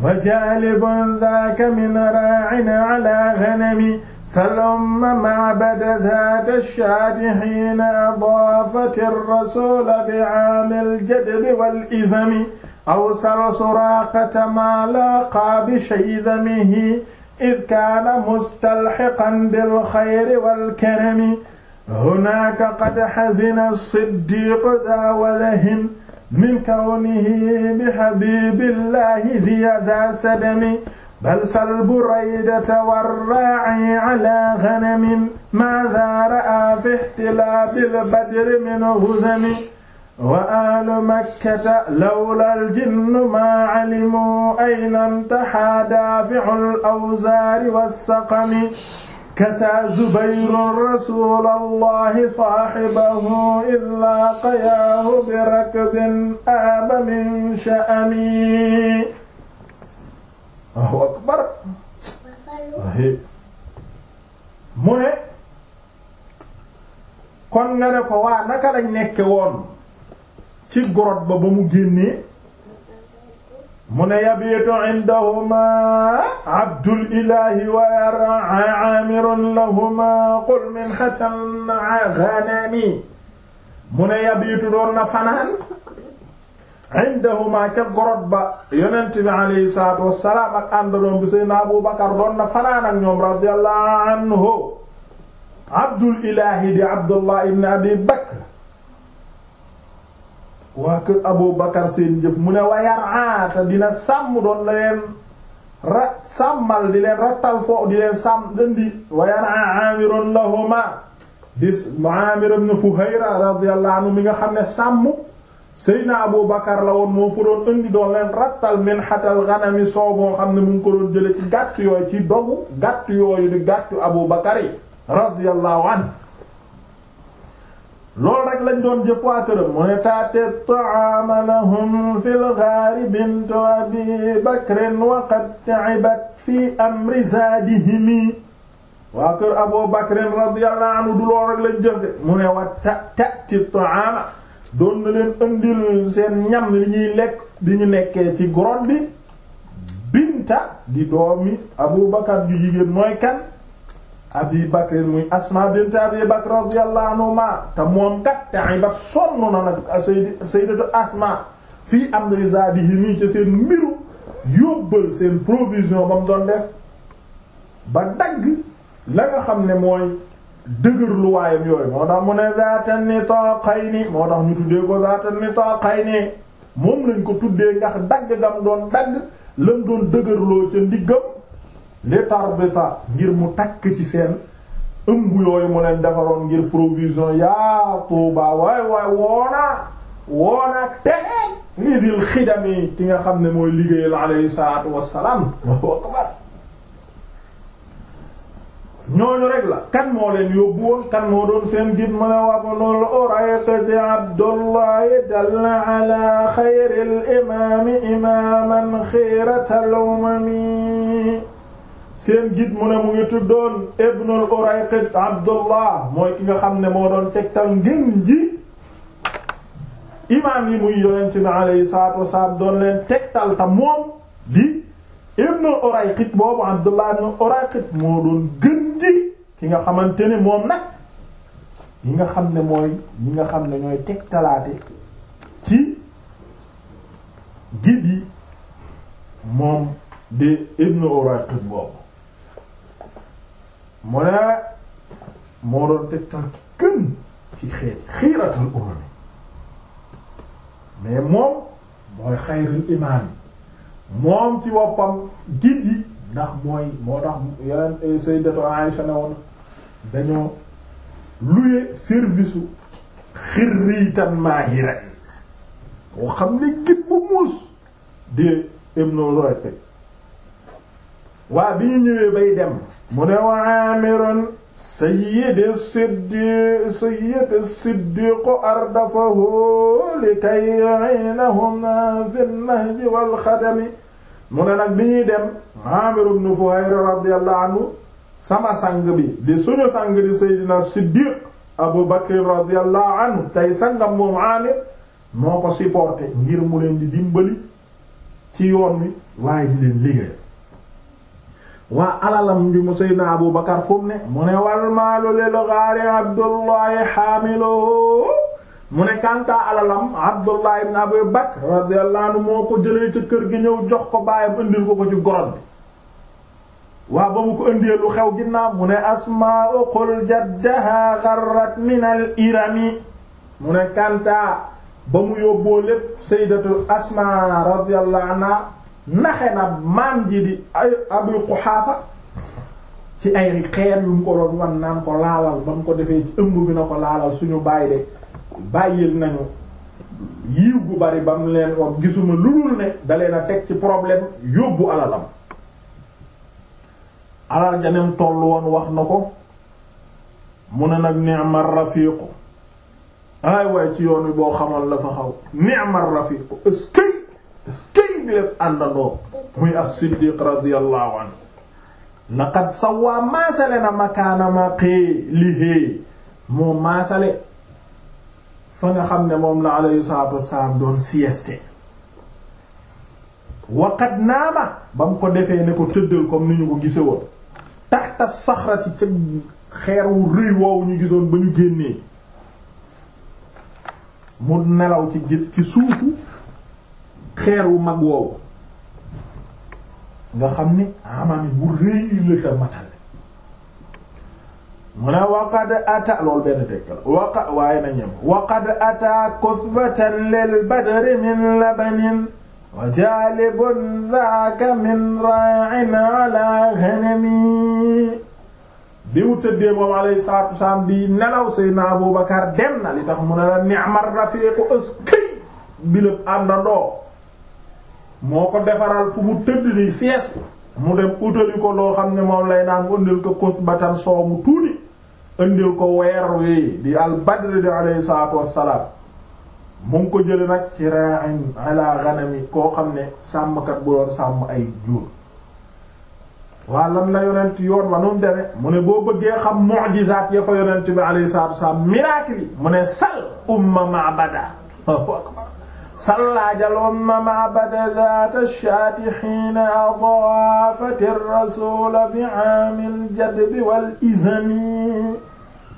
wa jaalibun dhaaka min raa'in 'alaa ghanami salumma ma'bada dhaata shaati hiina adaafati ar-rasuula bi'aamil jadbi wal izami awsal suraaqata maa laaqaa bi shaydamihi id kaana mustalxiqan bilxayri walkarami hunaaka qad xazina siddiiqu daa walahin min kawnihi bi habiibillaahi diya daa sadami bal sal buraydata warraaci calaa ganamin maadaa ra'aa fi ixtilaabil badri min gudami wa ahlu makkata lawla aljinnu maa calimu ayna ntaxaa daaficu alawzaari wassaqami kasaa zubayrun rasuula allahi saaxibahu illaa qayaahu birakbin aaba min sha'ami Allahu akbar mu ne kon nga ne ko waa naka lañ nekk woon ci grotte ba ba mu génnee mu ne yabiitu indahuma abdul ilahi wa yar'a amirun lahuma qul min hatan ghanami mu ne yabiitu doon na fanaan indahuma ca grotte ba yonent bi alayhi salaatu wassalaam ak àndaloon bi Seydina Abu Bakar doon na fanaan ak ñoom radiyallahu anhu abdul ilahi di abdullah ibn abi bakr waa kër Abu Bakar seen jëf mu ne wa yaraa te dina sàmm doon la leen ra sàmmal di leen rattal foo di leen sàmm dandi wa yaraa Aamirun lahuma dis Aamir ibn Fuhayra radiyallahu anhu mi nga xam ne sàmm Seydina Abu Bakar la woon moo fa doon indi doon leen rattal minhatal ghanami soow boo xam ne mu ngi ko doon jële ci gàtt yooyu ci dogu gàtt yooyu di gàttu Abu Bakar yi radiyallahu anhu loolu rek lañ doon jëf waa këram mu ne taate ta'ama lahum fil ghaari bintu abi bakrin wa qad ta'ibat fi amri zaadihimi waa kër abu bakrin du loolu rek lañ jëf de mu ne wa ta taati ta'ama doon na leen indil seen ñam li ñuy lekk di ñu nekkee ci grotte bi binta di doomi abu bakar ju jigéen mooy kan abi bakr muy asma bint abi bakr radiyallahu anhuma te moom kat ta'ibat sonn na nag sayyid sayyidatu asma fii amri zaadihimi ca seen mbiru yóbbal seen provision ba mu doon def ba dagg la nga xam ne mooy dëgër lu waayam yooyu moo tax mu ne zaata nitaqayni moo tax ñu tuddee ko zaata nitaqayni moom lañ ko tuddee ndax dagg gam doon dagg lam doon dëgërloo ca ndiggam li tarbita ngir mu takk ci seen ëmb yooyu mu leen defaroon ngir provision yaa Tuuba waay waay woona woona tegeeg lii dil xidami ki nga xam ne mooy liggéeyal alayhi salaatu wassalaam ñooñu rek la kan moo leen yóbbu kan moo doon seen gid mën a wabnul urayqati oh, abdullahi dalla ala xayril imaami imaaman xiiratal umami seen gid mu ne mu ngi tuddoon ibnul urayqis abdullah mooy ki nga xam ne moo doon tegtal ngën ji imaam yi muy yonent bi alayhi salaatu wasalaam doon leen tegtal te moom di ibnul urayqis boobu abdullah ibnul urayqis moo doon gën ji ki nga xamante ne moom nag yi nga xam ne mooy ñi nga xam ne ñooy tegtalaate ci gid yi moom di ibnul urayqis boobu mu ne moo doon tegtal ki gën ci xeet xiiratal umam mais moom mooy xayrul imaam moom ci woppam gid yi ndax mooy moo tax yeneen sayyidatu Aisha ne woon dañoo loué service u xirriitan maahira koo xam ne gid bu muus de ibnu Lurayq waa bi ñu ñëwee bay dem mu ne wa aamirun sayyidi siddi sayyidi siddiqu ardafahu li tayyinahum fi nahji wal xadami mu ne nag bi ñuy dem aamir ibn fuhayra radiyallahu anhu sama sang bi di suñu sang di sayyidina siddiq abu bakr radiyallahu anhu tey sangam moom aamir moo ko supporté ngir mu leen di dimbali ci yoon wi waaye di leen liggéey waa alalam ju mu seydna abu bakar fu mu mu ne wal maalu lil ghaari abdullahi xaamiloo mu ne kantaa alalam abdullahi ibn abu bakar radiyallahu anhu moo ko jëlee ca kër gi ñëw jox ko baayam indil ko ko ci gorot bi waa ba mu ko indee lu xew ginnaaw mu ne asmaa uqul jaddaha gharrat min al irami mu ne kantaa ba mu yóbboo lépp sayyidatu asmaa radiyallahu anha naxe na maam ji di Abu xaasa ci ay xeer yu mu ko doon wan naan ko laalal ba mu ko defee ci ëmb bi na ko laalal suñu bàyyi de bàyyil nañu yiw bu bari ba mu leen wax lu lulul ne da leen a teg ci problème yóbbu alalam alal janem toll woon wax na ko mu ne nag ni'mar rafiqu ay waaye ci yoon wi boo xamoon la fa xaw ni'mar rafiqu ëskay tey bi lépp àndandoo muy as-Siddiq radiyallahu anhu laqad sawaa maasale na makaana maqilihi moom maasale fa nga xam ne moom la alayhi salaatu wassalaam doon sieste waqat naama ba mu ko defee ne ko tëddal comme ni ñu ko gise woon taxta saxrati ca xeer wu rëy woowu ñu gisoon ba ñu génnee mu nelaw ci ci suufu xeer wu mag woowu nga xam ni amami bu rëy la ta matal mu ne waqad ata loolu benn tekk la waqa waaye na ñem waqad ata kusbatan lil badri min labanin wa jalibun zaaka min ra'in ala ghanami bi mu tëddee moom alayhi salaatu wasalaam bi nelaw Seydina Abubakar dem na li tax mu ne la ni'mar rafiqu ës këy bilëb àndandoo moo ko defaral fu mu tëdd di sieste mu dem utali ko loo xam ne moom lay naan mu indil ko kusbatan soo mu tuuti indil ko weer wi di al badr di alayhi wassalaam mu ko jële nag ci ra'in ala ghanami koo xam ne sàmmkat bu doon sàmm ay jur waa lan la yonent yoon wa nu mu demee mu ne boo bëggee xam mu'jizaat ya fa yonent bi alayhi salaatu wassalaam mu ne sal umma ma'bada sallaajalum ma'bada zaata shaati xiina adaafati rasuula bi aamil jadbi wal izami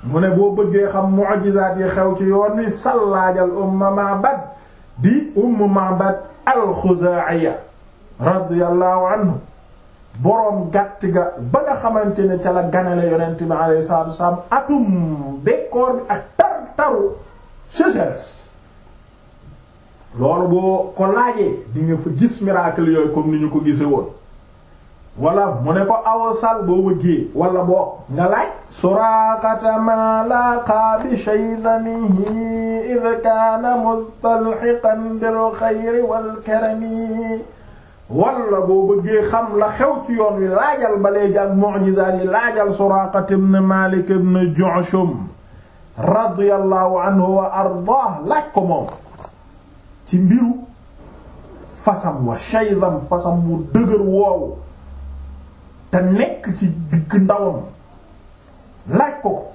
mu ne boo bëggee xam mu'jizaat yi xew ci yoon wi sallaajal umma ma'bad di ummu ma'bad alxuzaa'iya radiyallahu anhu boroom gàtt ga ba nga xamante ne ca la ganale yonent bi alayhi salaatu wa salaam atum bekkoor bi ak tar taru sécheresse loolu boo ko laajee di nga fa gis miracle yooyu comme ni ñu ko gise woon wala mu ne ko awsal boo bëggee wala boo nga laaj surakata ma laqa bi shaydanihi id kaana mustalxiqan bil xayri wal karami wala boo bëggee xam la xew ci yoon wi laajal ba léegi ak mu'jizaat yi laajal suraqata ibn malik ibn ju'shum radiyallahu anhu wa ardaah laaj ko moom ci mbiru fasam wa shaydam fasam mu dëgër woowu te nekk ci digg ndawam laaj ko ko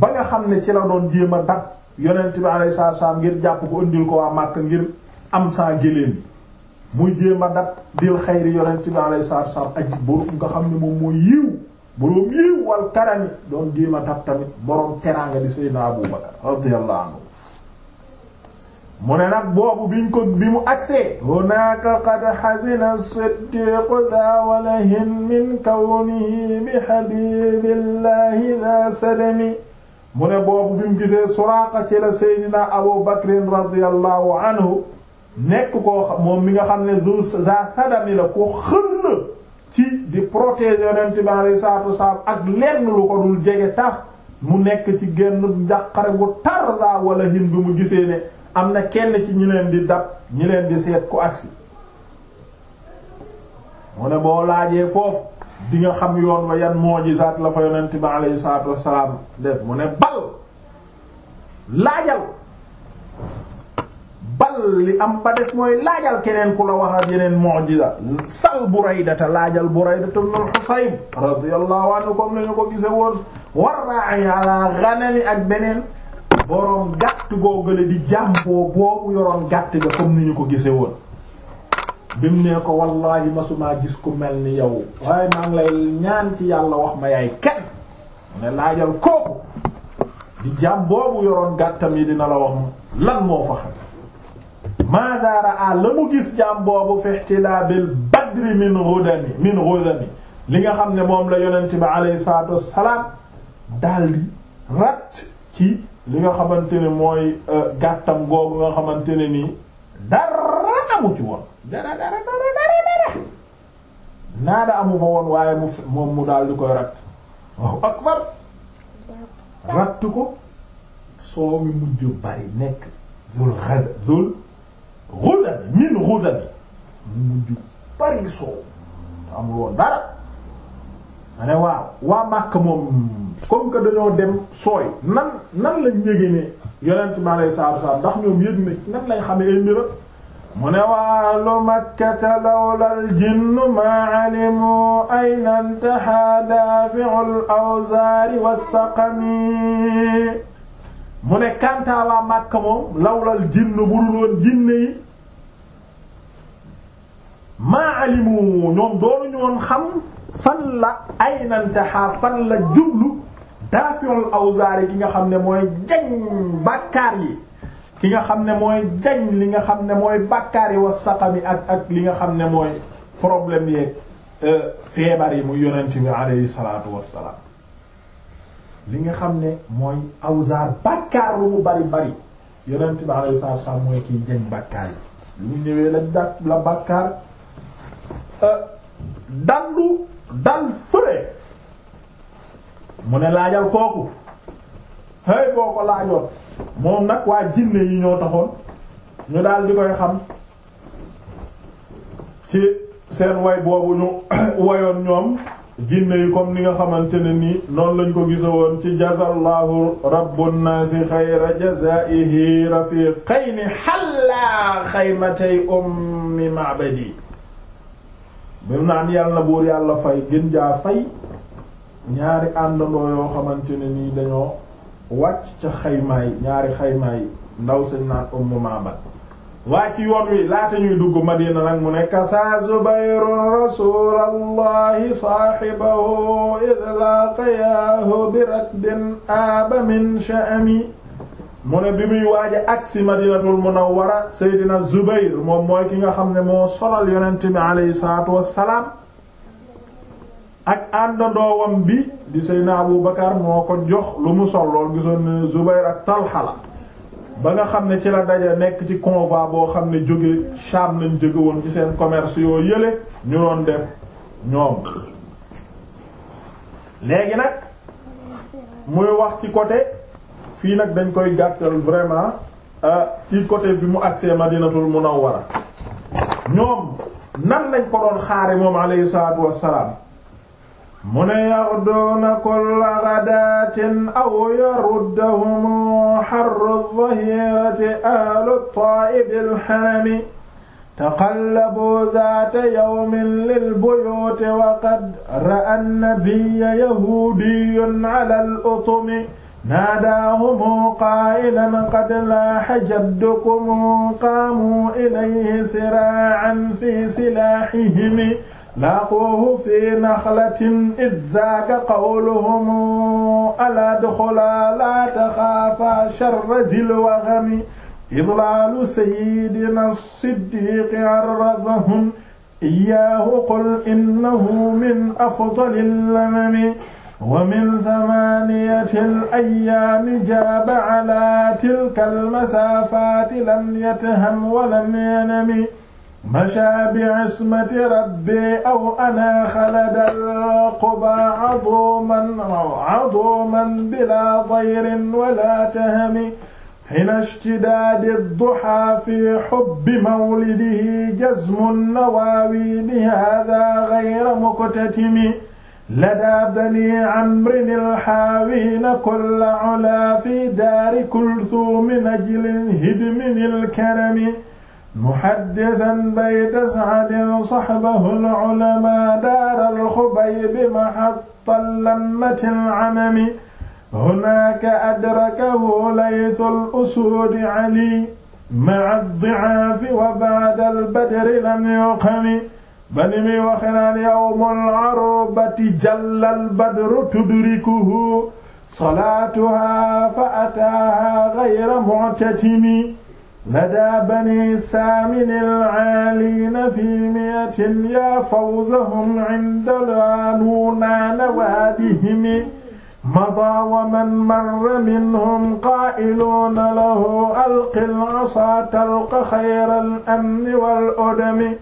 ba nga xam ne ci la doon jéem a dab yonent bi alayhi salaatu wasallam ngir jàpp ko indil ko waa Màkka ngir am saa géléem muy jéem a dab dil xayri yonent bi alayhi salaatu wasallam aji boroom nga xam ne moom mooy yiw boroom yiw wal karami doon jéem a dab tamit boroom teraanga di Seydina Abu Bakar radiyallahu anhu mu ne nag boobu biñ ko bi mu agsee hunaaka qad xasina siddiqu daa walahin min kawnihi bi xabibillahi daa sadami mu ne boobu bi mu gisee suraaqa ci la seydina abu bakrin radiallahu anhu nekk koo moom mi nga xam ne zu daa sadami la ko xëll ci di protéger yonent bi alayhi salaatu wasalaam ak lenn lu ko dul jege tax mu nekk ci génn njàqare bu tar daa walahin bi mu gisee ne am na kenn ci ñi leen di dab ñi leen di seet ku agsi mu ne boo laajee foofu di xam yoon wa yan mu'jizaat la fa yonent bi alayhi salaatu wassalaam def mu ne bal laajal bal li am ba des mooy laajal keneen ku la wax waxaat yeneen mu'jiza sal Buraydata laajal Buraydata ibn al-Husayb radiyallahu anhu comme la ko gise woon war naa ala ghanami ak beneen boroom gàtt googale di jàmboo boobu yoroon gàtt ga comme ni ñu ko gise woon bi mu nee ko wallaahi masumaa gis ku mel ni yow waaye maa lay ñaan ci yàlla wax ma yaay kenn ne laajal kooku di jàmm boobu yoroon gàttam yi dina la wax lan moo fa xam maadaara a la mu gis jàmm boobu fextilaabil badri min rudani min rudani li nga xam ne moom la yonent bi alayhi salaatu wassalaam daldi rat ci li nga xamante ne mooy euh, gàttam googu nga xamante ne nii dara amu ci woon dara dara dara dara naada amu fa woon waaye mu moom mu daal di koy ratt waaw ratt ko soo mi mujj bari nekk zul xad zul xuda min xuda bi mu mujj bari soow amul woon dara ma ne waaw waa màkk moom comme que dañoo dem sooy nan nan lañ yége ne yonent bi alei salatu ndax ñoom yëg ne nan lañ xamee mu ne waalu makkata lawlal jinnu ma alimu ayna ntaha dafi'ul awzari wassaqami mu ne kantaa waa màkk moom lawlal jinnu bu dul woon jinne yi ma alimu ñoom doonuñu woon xam fan la aynantaxaa fan la jublu daafiul awzaari ki nga xam ne mooy jañ bàkkaar yi ki nga xam ne mooy jañ li nga xam ne mooy bàkkaar yi wa saqami ak ak li nga xam ne mooy problème yeeg euh, feebar yi mu yonent bi alayhi salaatu wassalaam li nga xam ne mooy awzaar bàkkaar lu mu bari bari yonent bi alayhi salaatu wassalaam mooy kiy jañ bàkkaar yi lu mu ñëwee la da la bàkkaar euh, dandu dal fële mu ne laajal kooku hey boo ko laajoon moom nag waa jinne yi ñoo taxoon ñu daal di koy xam ci seen way boobu ñu wayoon ñoom jinne yi comme ni nga xamante ne nii noonu lañ ko gisawoon ci jazallahu rabbun naasi xayra jazaihi rafiqayni xalla xaymatay ummi ma'badi même naan yàlla buur yàlla fay gën jaa fay ñaari àndandoo yoo xamante ne nii dañoo wàcc ca xaymaay ñaari xaymaay ndaw sañ naan Ummu Ma'bad waa ci yoon wi laata ñuy dugg Madina nag mu ne kasa Zubayrun rasulallahi saahibahu id laqayaahu bi rakbin aaba min sha'mi mu ne bi muy waaj a agsi madinatul seydina zubayr moom mooy ki nga xam ne moo solal yonent bi aleyhi salaatu wassalaam ak àndandoowam bi di seydina abu bakar moo ko jox lu mu sol lool gisoon ne zubayr ak talxa ba nga xam ne ci la daja nekk ci convoi boo xam ne jóge Sham lañ jóge woon ci seen commerce yoo yële ñu doon def ñoom léegi nag muy wax ci côté fii nag dañ koy gàttal vraiment euh, ci côté bi mu agsee madinatul munawwara ñoom nan lañ ko doon xaare moom alayhi salaatu wassalaam mu ne yaxduuna kulla ghadatin aw yaruddahum harru dhahirati ahlu ta'ibil harami taqallabu zaata yawmin lil buyuuti wa qad ra'a an-nabiyya yahuudiyyun ala al-utumi naadaahumu qaa'ilan qad laaha jaddukum qaamu ilayhi siraa'an fi silaahihim laaquuhu fi naxlatin idh zaaga qawluhum alaa udxulaa laa taxaafaa sharra dhil wagami idlaalu sayyidinaa as-siddiiqi arrafahum iyyaahu qul innahu min afdalil amami wa min thamaniyati al-ayyaami jaaba ala tilka al-masaafaati lam yatham wa lam yanami mashaa bi ismati rabbi aw ana xalada al-qubaa aduuman aduuman bilaa dayrin wala tahami hina ishtidaadi ad-duhaa fi hubbi mawlidihi jazmu an-nawaawi bi haadaa ghayra muqtatimi ladaa bani amrin alxaawiina kulla culaa fi daari kulsuumin ajlin hidmin alkarami muhaddisan bayta sacdin saxbahu alculamaa daara alxubaybi maxatta lammati alcanami hunaaka adrakahu laysu alusuudi cali maca aldicaafi wa bacda albadri lam yuqami ba ni muy waxe naan yawmul arobati jallal badru tudrikuhu salaatuha fa ataaha gayra mu'tatimi ladaa bani saaminil aaliina fi miyatin yaa fawzahum indalanu naana waadihimi madaa wa man marra minhum qaa'iluuna lahu alqil asaa talqa xayral amni wal udami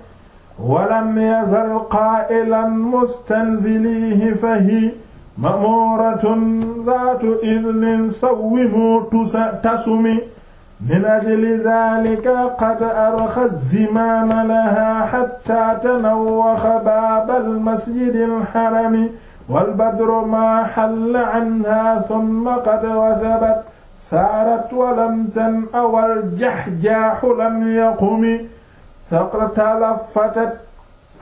walam yazal qaa'ilan mustanzilihi fahi mamuratun zaatu idnin sawwimu tasumi min ajli zaalika qad arxa zimaama lahaa xattaa tanawwaxa baabal masjidil xarami wal badru maa xalla canhaa summa qad wasabat saarat walam tan awal jaxjaaxu lam yaqumi talafatat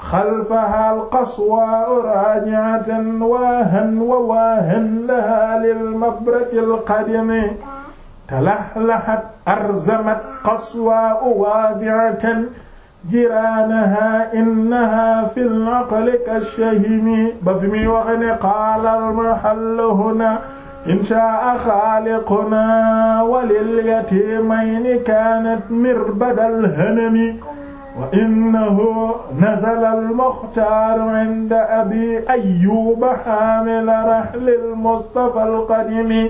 xalfaha alqaswaa raajiatan waahan wa waahan laha lilmabraki alqadimi talaxlaxat arzamat qaswaa waadiatan jiraanaha innaha fi laqli kashahimi ba fi muy waxe ne qaala almahallu huna inshaa xaaliquna walilyatimay ni kaanat mirbadal hanami wa innahu nazala al-muxtaaru inda abi ayyuuba xaamila raxlil mustafaa al-qadiimi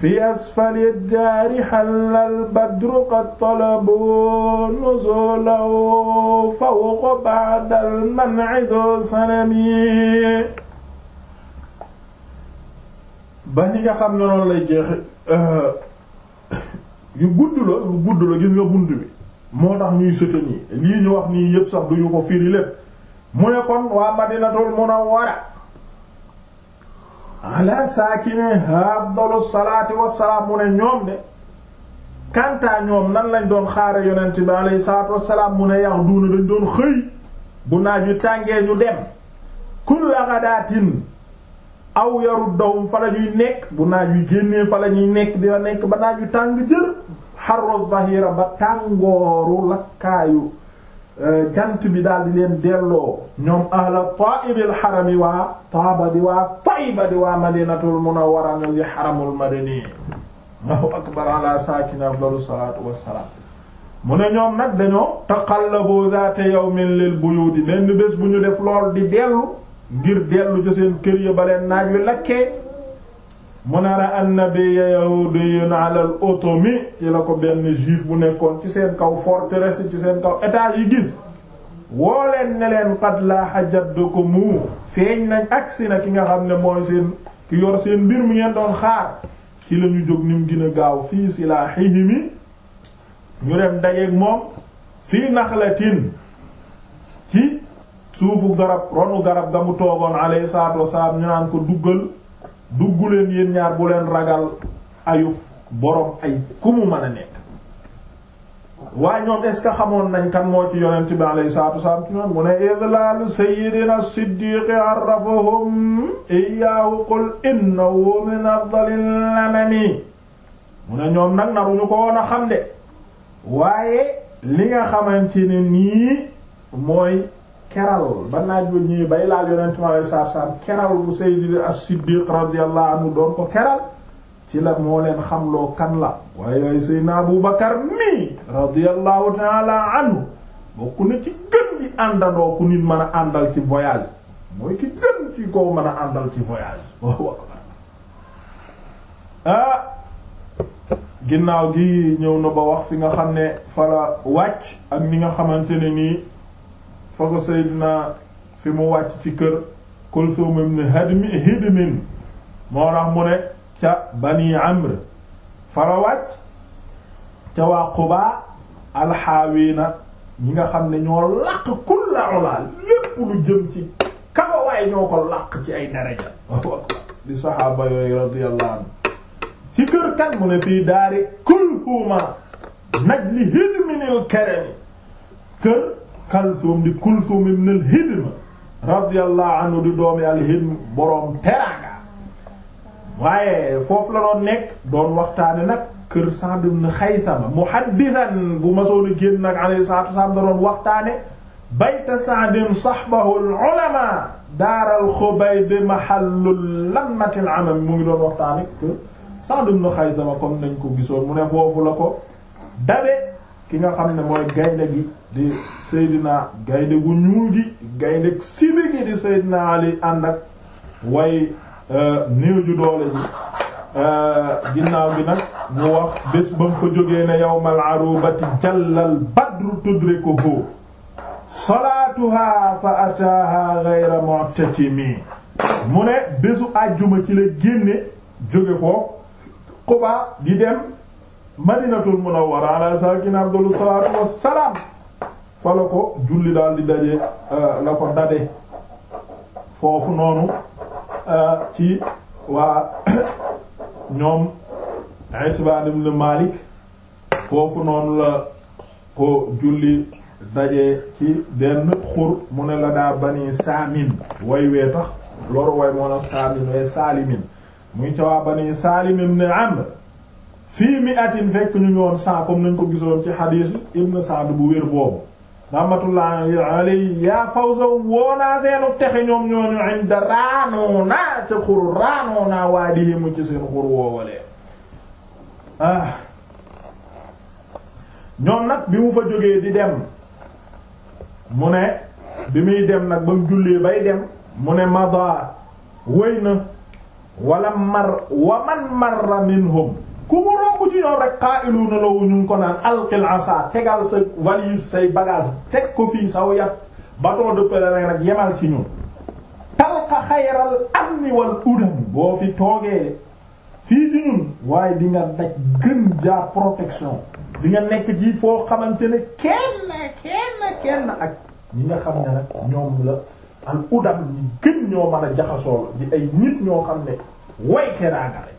fi asfali daari xallal badru qad talabuu nuzuulahu fawqa ba'dal man'i duu salami ba ni nga xam ne noonu lay jeexe euh, yu gudd la lu gudd la gis nga bunt bi moo tax ñuy soutenir lii ñu wax nii yépp sax duñu ko firi lépp mu ne kon waa madinatul munawwara ala saakine afdalu salaati wassalaam mu ne ñoom de kantaa ñoom nan lañ doon xaare yonent bi alayhi salaatu wassalaam mu ne yax duuna dañ doon xëy bu naaj yu tàngee ñu dem kulla ghadatin aw yarut dawum fa la ñuy nekk bu naaj yu génnee fa la ñuy nekk di nekk ba naaj yu tàng jër xarru zahira ba tàngooru lakkaayu eh, jant bi daal di leen delloo ñoom ahla taaibil xarami waa taaba di waa tayba di waa madinatul munawwara nga si xaramul madani Allahu akbar ala saakin afdalu salaatu wassalaam mu ne ñoom nag dañoo taqallabu zaata yawmin lil buyuti benn bés bu ñu def lool di dellu ngir dellu ci seen kër ya ba leen naaj wi lakkee mu ne ra annabiyya yahudiyun ala al otomi ci la ko benn juif bu nekkoon ci seen kaw forteresse ci seen kaw étage yi gis woo leen ne leen qad laaha jaddukumu feeñ nañ agsi na ki nga xam ne mooy seen ki yor seen mbir mu ngeen doon xaar ci la jóg ni mu gën a gaaw fii silahihimi ñu dem dajeeg moom fii naxlatin ci suufu garab ronu garab ga mu toogoon alayhi salaatu wasalaam ñu naan ko duggal dugg leen yéen ñaar bu leen ragal ayub borom ay ku mu mën a nekk waaye ñoom est xamoon nañ kan moo ci yonent bi alayhi salaatu wasalaam ci ñoom mu ne idlaalu sayyidina siddiqi arrafahum iyaahu qul innahu min afdalil lamami mu ne ñoom nag naruñu ko woon a xam de waaye li nga xamante ne nii mooy keral ba naaj wa ñëwee bay laal yonent mi alayhi salaatu salaam keral bu Seydina as-Siddiq radiyallahu anhu doon ko keral ci la moo leen xamloo kan la waaye waaye Seydina Abu Bakar mii radiyallahu ta'ala anhu bokk na ci gën di àndandoo ku nit mën a àndal ci voyage mooy ki gën ci koo mën a àndal ci voyage ah, ginnaaw gi ñëw na ba wax fi nga xam ne fala wàcc ak ni nga xamante ne nii fa ko Seydina fi mu wàcc ci kër Kulsum ibn Hadmi Hidmin moo tax mu ne ca Bani Amr fara wàcc ca waa Quba ñi nga xam ne ñoo làq kulla ulaa lépp lu jëm ci kaba waaye ñoo ko làq ci ay daraja di saxaaba yooyu radiyallahu anhu ci kër kan mu ne fii daari Kulsuma naj li Hidminil karami kër Kalsuum di Kulsuum ibn al-Hidm radiyallahu anhu di doomi al-Hidm boroom teraanga waaye foofu la doon nekk doon waxtaane nag kër Sa'd ibn Xaysama muhaddisan bu masoon a génn nag alayhi salaatu wasalaam da doon waxtaane bayta Sa'din sahbahu al-ulama daaral Xubayb mahallul lammatil amam mu ngi doon waxtaane kër Sa'd ibn Xaysama comme nañ ko gisoon mu ne foofu la ko dabe ki nga xam ne mooy gaynde gi di Seydina gaynde gu ñuul gi gaynde sibi gi di Seydina Ali ànd ak way euh, néew doole ji euh, ginnaaw bi nag mu wax bés ba mu fa jógee ne yawmal arubati jallal badru tudrikuhu salaatuha fa ataaha ghayra mu'tatimi mu ne bésu àjjuma ci la génne jóge foofu Quba di dem madinatul munawwara ala sakin abdul salaatu wassalaam fa la ko julli daal di daje euh, la ko dade foofu noonu euh, ci waa ñoom Itbaan Maalik foofu noonu la ko julli daje ci benn xur mu ne la daa bani saamin way wee tax loru way moo saamin way saalimin muy ca waa bani saalim ibn Amr fii mi atin fekk ñu ngi woon nañ ko gisoon ci xadiis ibn Sa'd bu wér boobu rahmatullahi alayhi yaa fawzahum woonaa seenu texe ñoom ñooñu inda di mu ci seen xur woowalee ah. ñoom nag bi mu fa jógee di dem mu ne bi muy dem nag ba jullee bay dem mu ne mada wëy na wala mar wa man marra minhum ku mu romb ci ñoom rek qaa'iluuna lahu ñu ngi ko naan alqil asaa tegal sa valise say bagage teg ko fii saw yat bateau de pèlerin nag yemal ci ñun talqa xayral amni wal udam boo fi toogee fii ci ñun waaye di nga daj gën jaa protection di nekk ci foo xamante ne kenn kenn ak ñi nga xam ne nag ñoom la al udam ñi gën ñoo mën a jaxasoo di ay nit ñoo xam ne way teraanga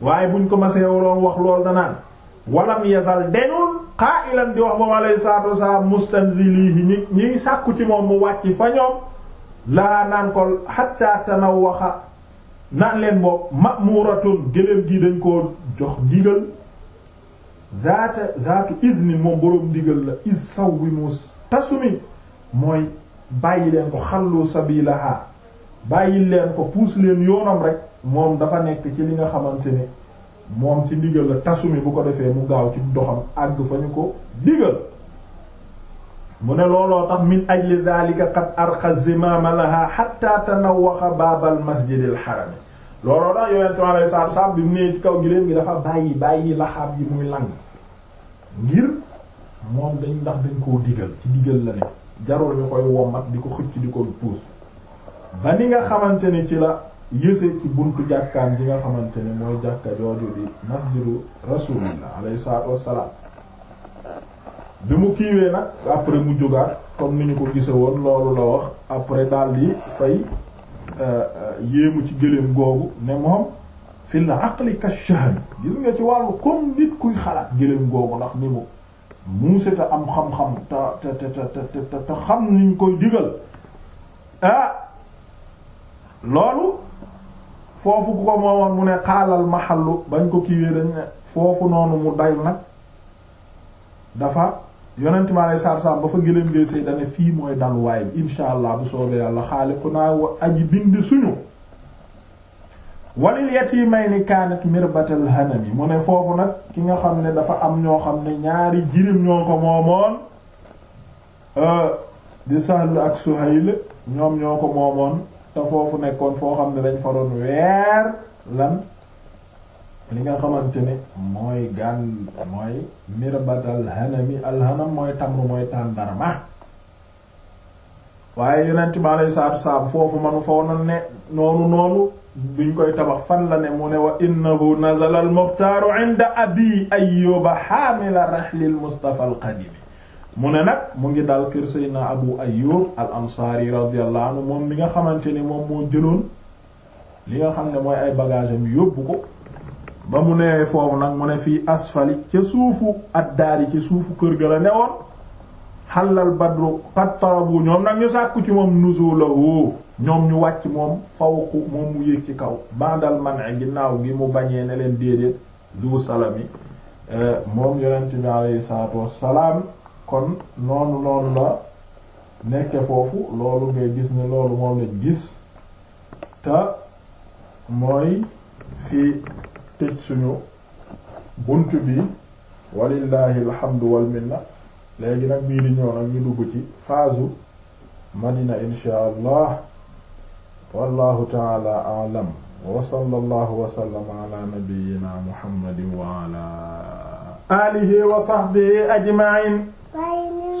waaye buñ ko masee waroon wax loolu danaan walam yasal deñul qaa'ilan di wax moom alayhi salaatu wasalaam mustanzilihi ñi ñiy sàkku ci moom mu wàcc fa ñoom laa naan ko na tanawwaxa naan leen boobu ma'muratun gëléem gi dañ koo jox digal zaata zaatu izni moom boroom digal la is sawwi mus tasumi mooy bàyyi leen ko xallu sabilaha bàyyi leen ko puus leen yoonam rek moom dafa nekk ci li nga xamante ne moom ci ndigal la tasumi bu ko defee mu gaaw ci doxam àgg fa ñu ko digal mu ne looloo tax min ajli dhalika qad arqa zimaama laha hatta tanawwaxa baabal masjidil harami looloo tax yonentu Yàlla saab saab bi mu ci kaw giléem gi dafa bàyyi bàyyi laxaab yi muy lang ngir moom dañ ndax dañ koo digal ci digal la ne jarul ñu koy wommat di ko xëcc di ko puus ba ni nga xamante ni ci la yësee ci buntu jàkkaan ji nga xamante ne mooy jàkka jooju di masjidu rasulillah alayhi salaatu wassalaam bi mu kiiwee nag après mu jógaat comme ni ñu ko gise woon loolu la wax après daal di fay euh, euh, yéemu ci gëléem googu ne moom fil na aqli gis nga ci wàllu comme nit kuy xalaat gëléem googu ndax ni mu muuse te am xam-xam te te te te xam nuñ koy digal ah, loolu foofu ku ko moomoon mu ne xaalal maxallu bañ ko kiiwee dañ ne foofu noonu mu dal nag dafa yonent mi alei satu salaam ba fa gëléem ngay say fii mooy daluwaay bi insha allah bu soobee yàlla xaaliku naa aji bind suñu walil yatimayni kaanat mirbatal hanami mu ne foofu nag ki nga xam ne dafa am ñoo xam ne ñaari jirim ñoo ko moomoon euh, di Sahl ak Suhayl ñoom ñoo ko moomoon te foofu nekkoon foo xam ne dañ faroon weer lan li nga xamante ne mooy gan mooy mirbat alhanami alhanam mooy tamru mooy tàndarma waaye yonent bi aleyhi salaatu salaam foofu ma faw na ne noonu noonu duñ koy tabax fan ne mu ne wa innahu nazala al muxtaaru inda abi ayyuba xaamila raxlil mustafa al qadim mu ne nag mu ngi dal kër Seydina Abu Ayyub al ansaari radiyallahu anhu moom mi nga xamante ni moom moo jëloon li nga xam ne mooy ay bagage am yóbbu ko ba mu nee foofu nag mu ne fii asfali ca suufu at daari ci suufu kër ga la ne woon xalal badru qad tarabu ñoom nag ñu sàkku ci moom nuzulahu ñoom ñu wàcc moom fawqu moom mu yéeg ci kaw bandal man'e ginnaaw gi mu bañee ne leen déedéet du salami euh, moom yonente bi alayhi salaatu wassalaam kon noonu loolu la nekke foofu loolu ngay gis ni loolu moom lañ gis te mooy fii tëj suñu bunt bi walillahi alhamdu wal minna léegi nag bii di ñëw nag ci phase madina insha allah wallahu taala a'lam wa sallallahu wa sallama ala nabiyyina muhammadin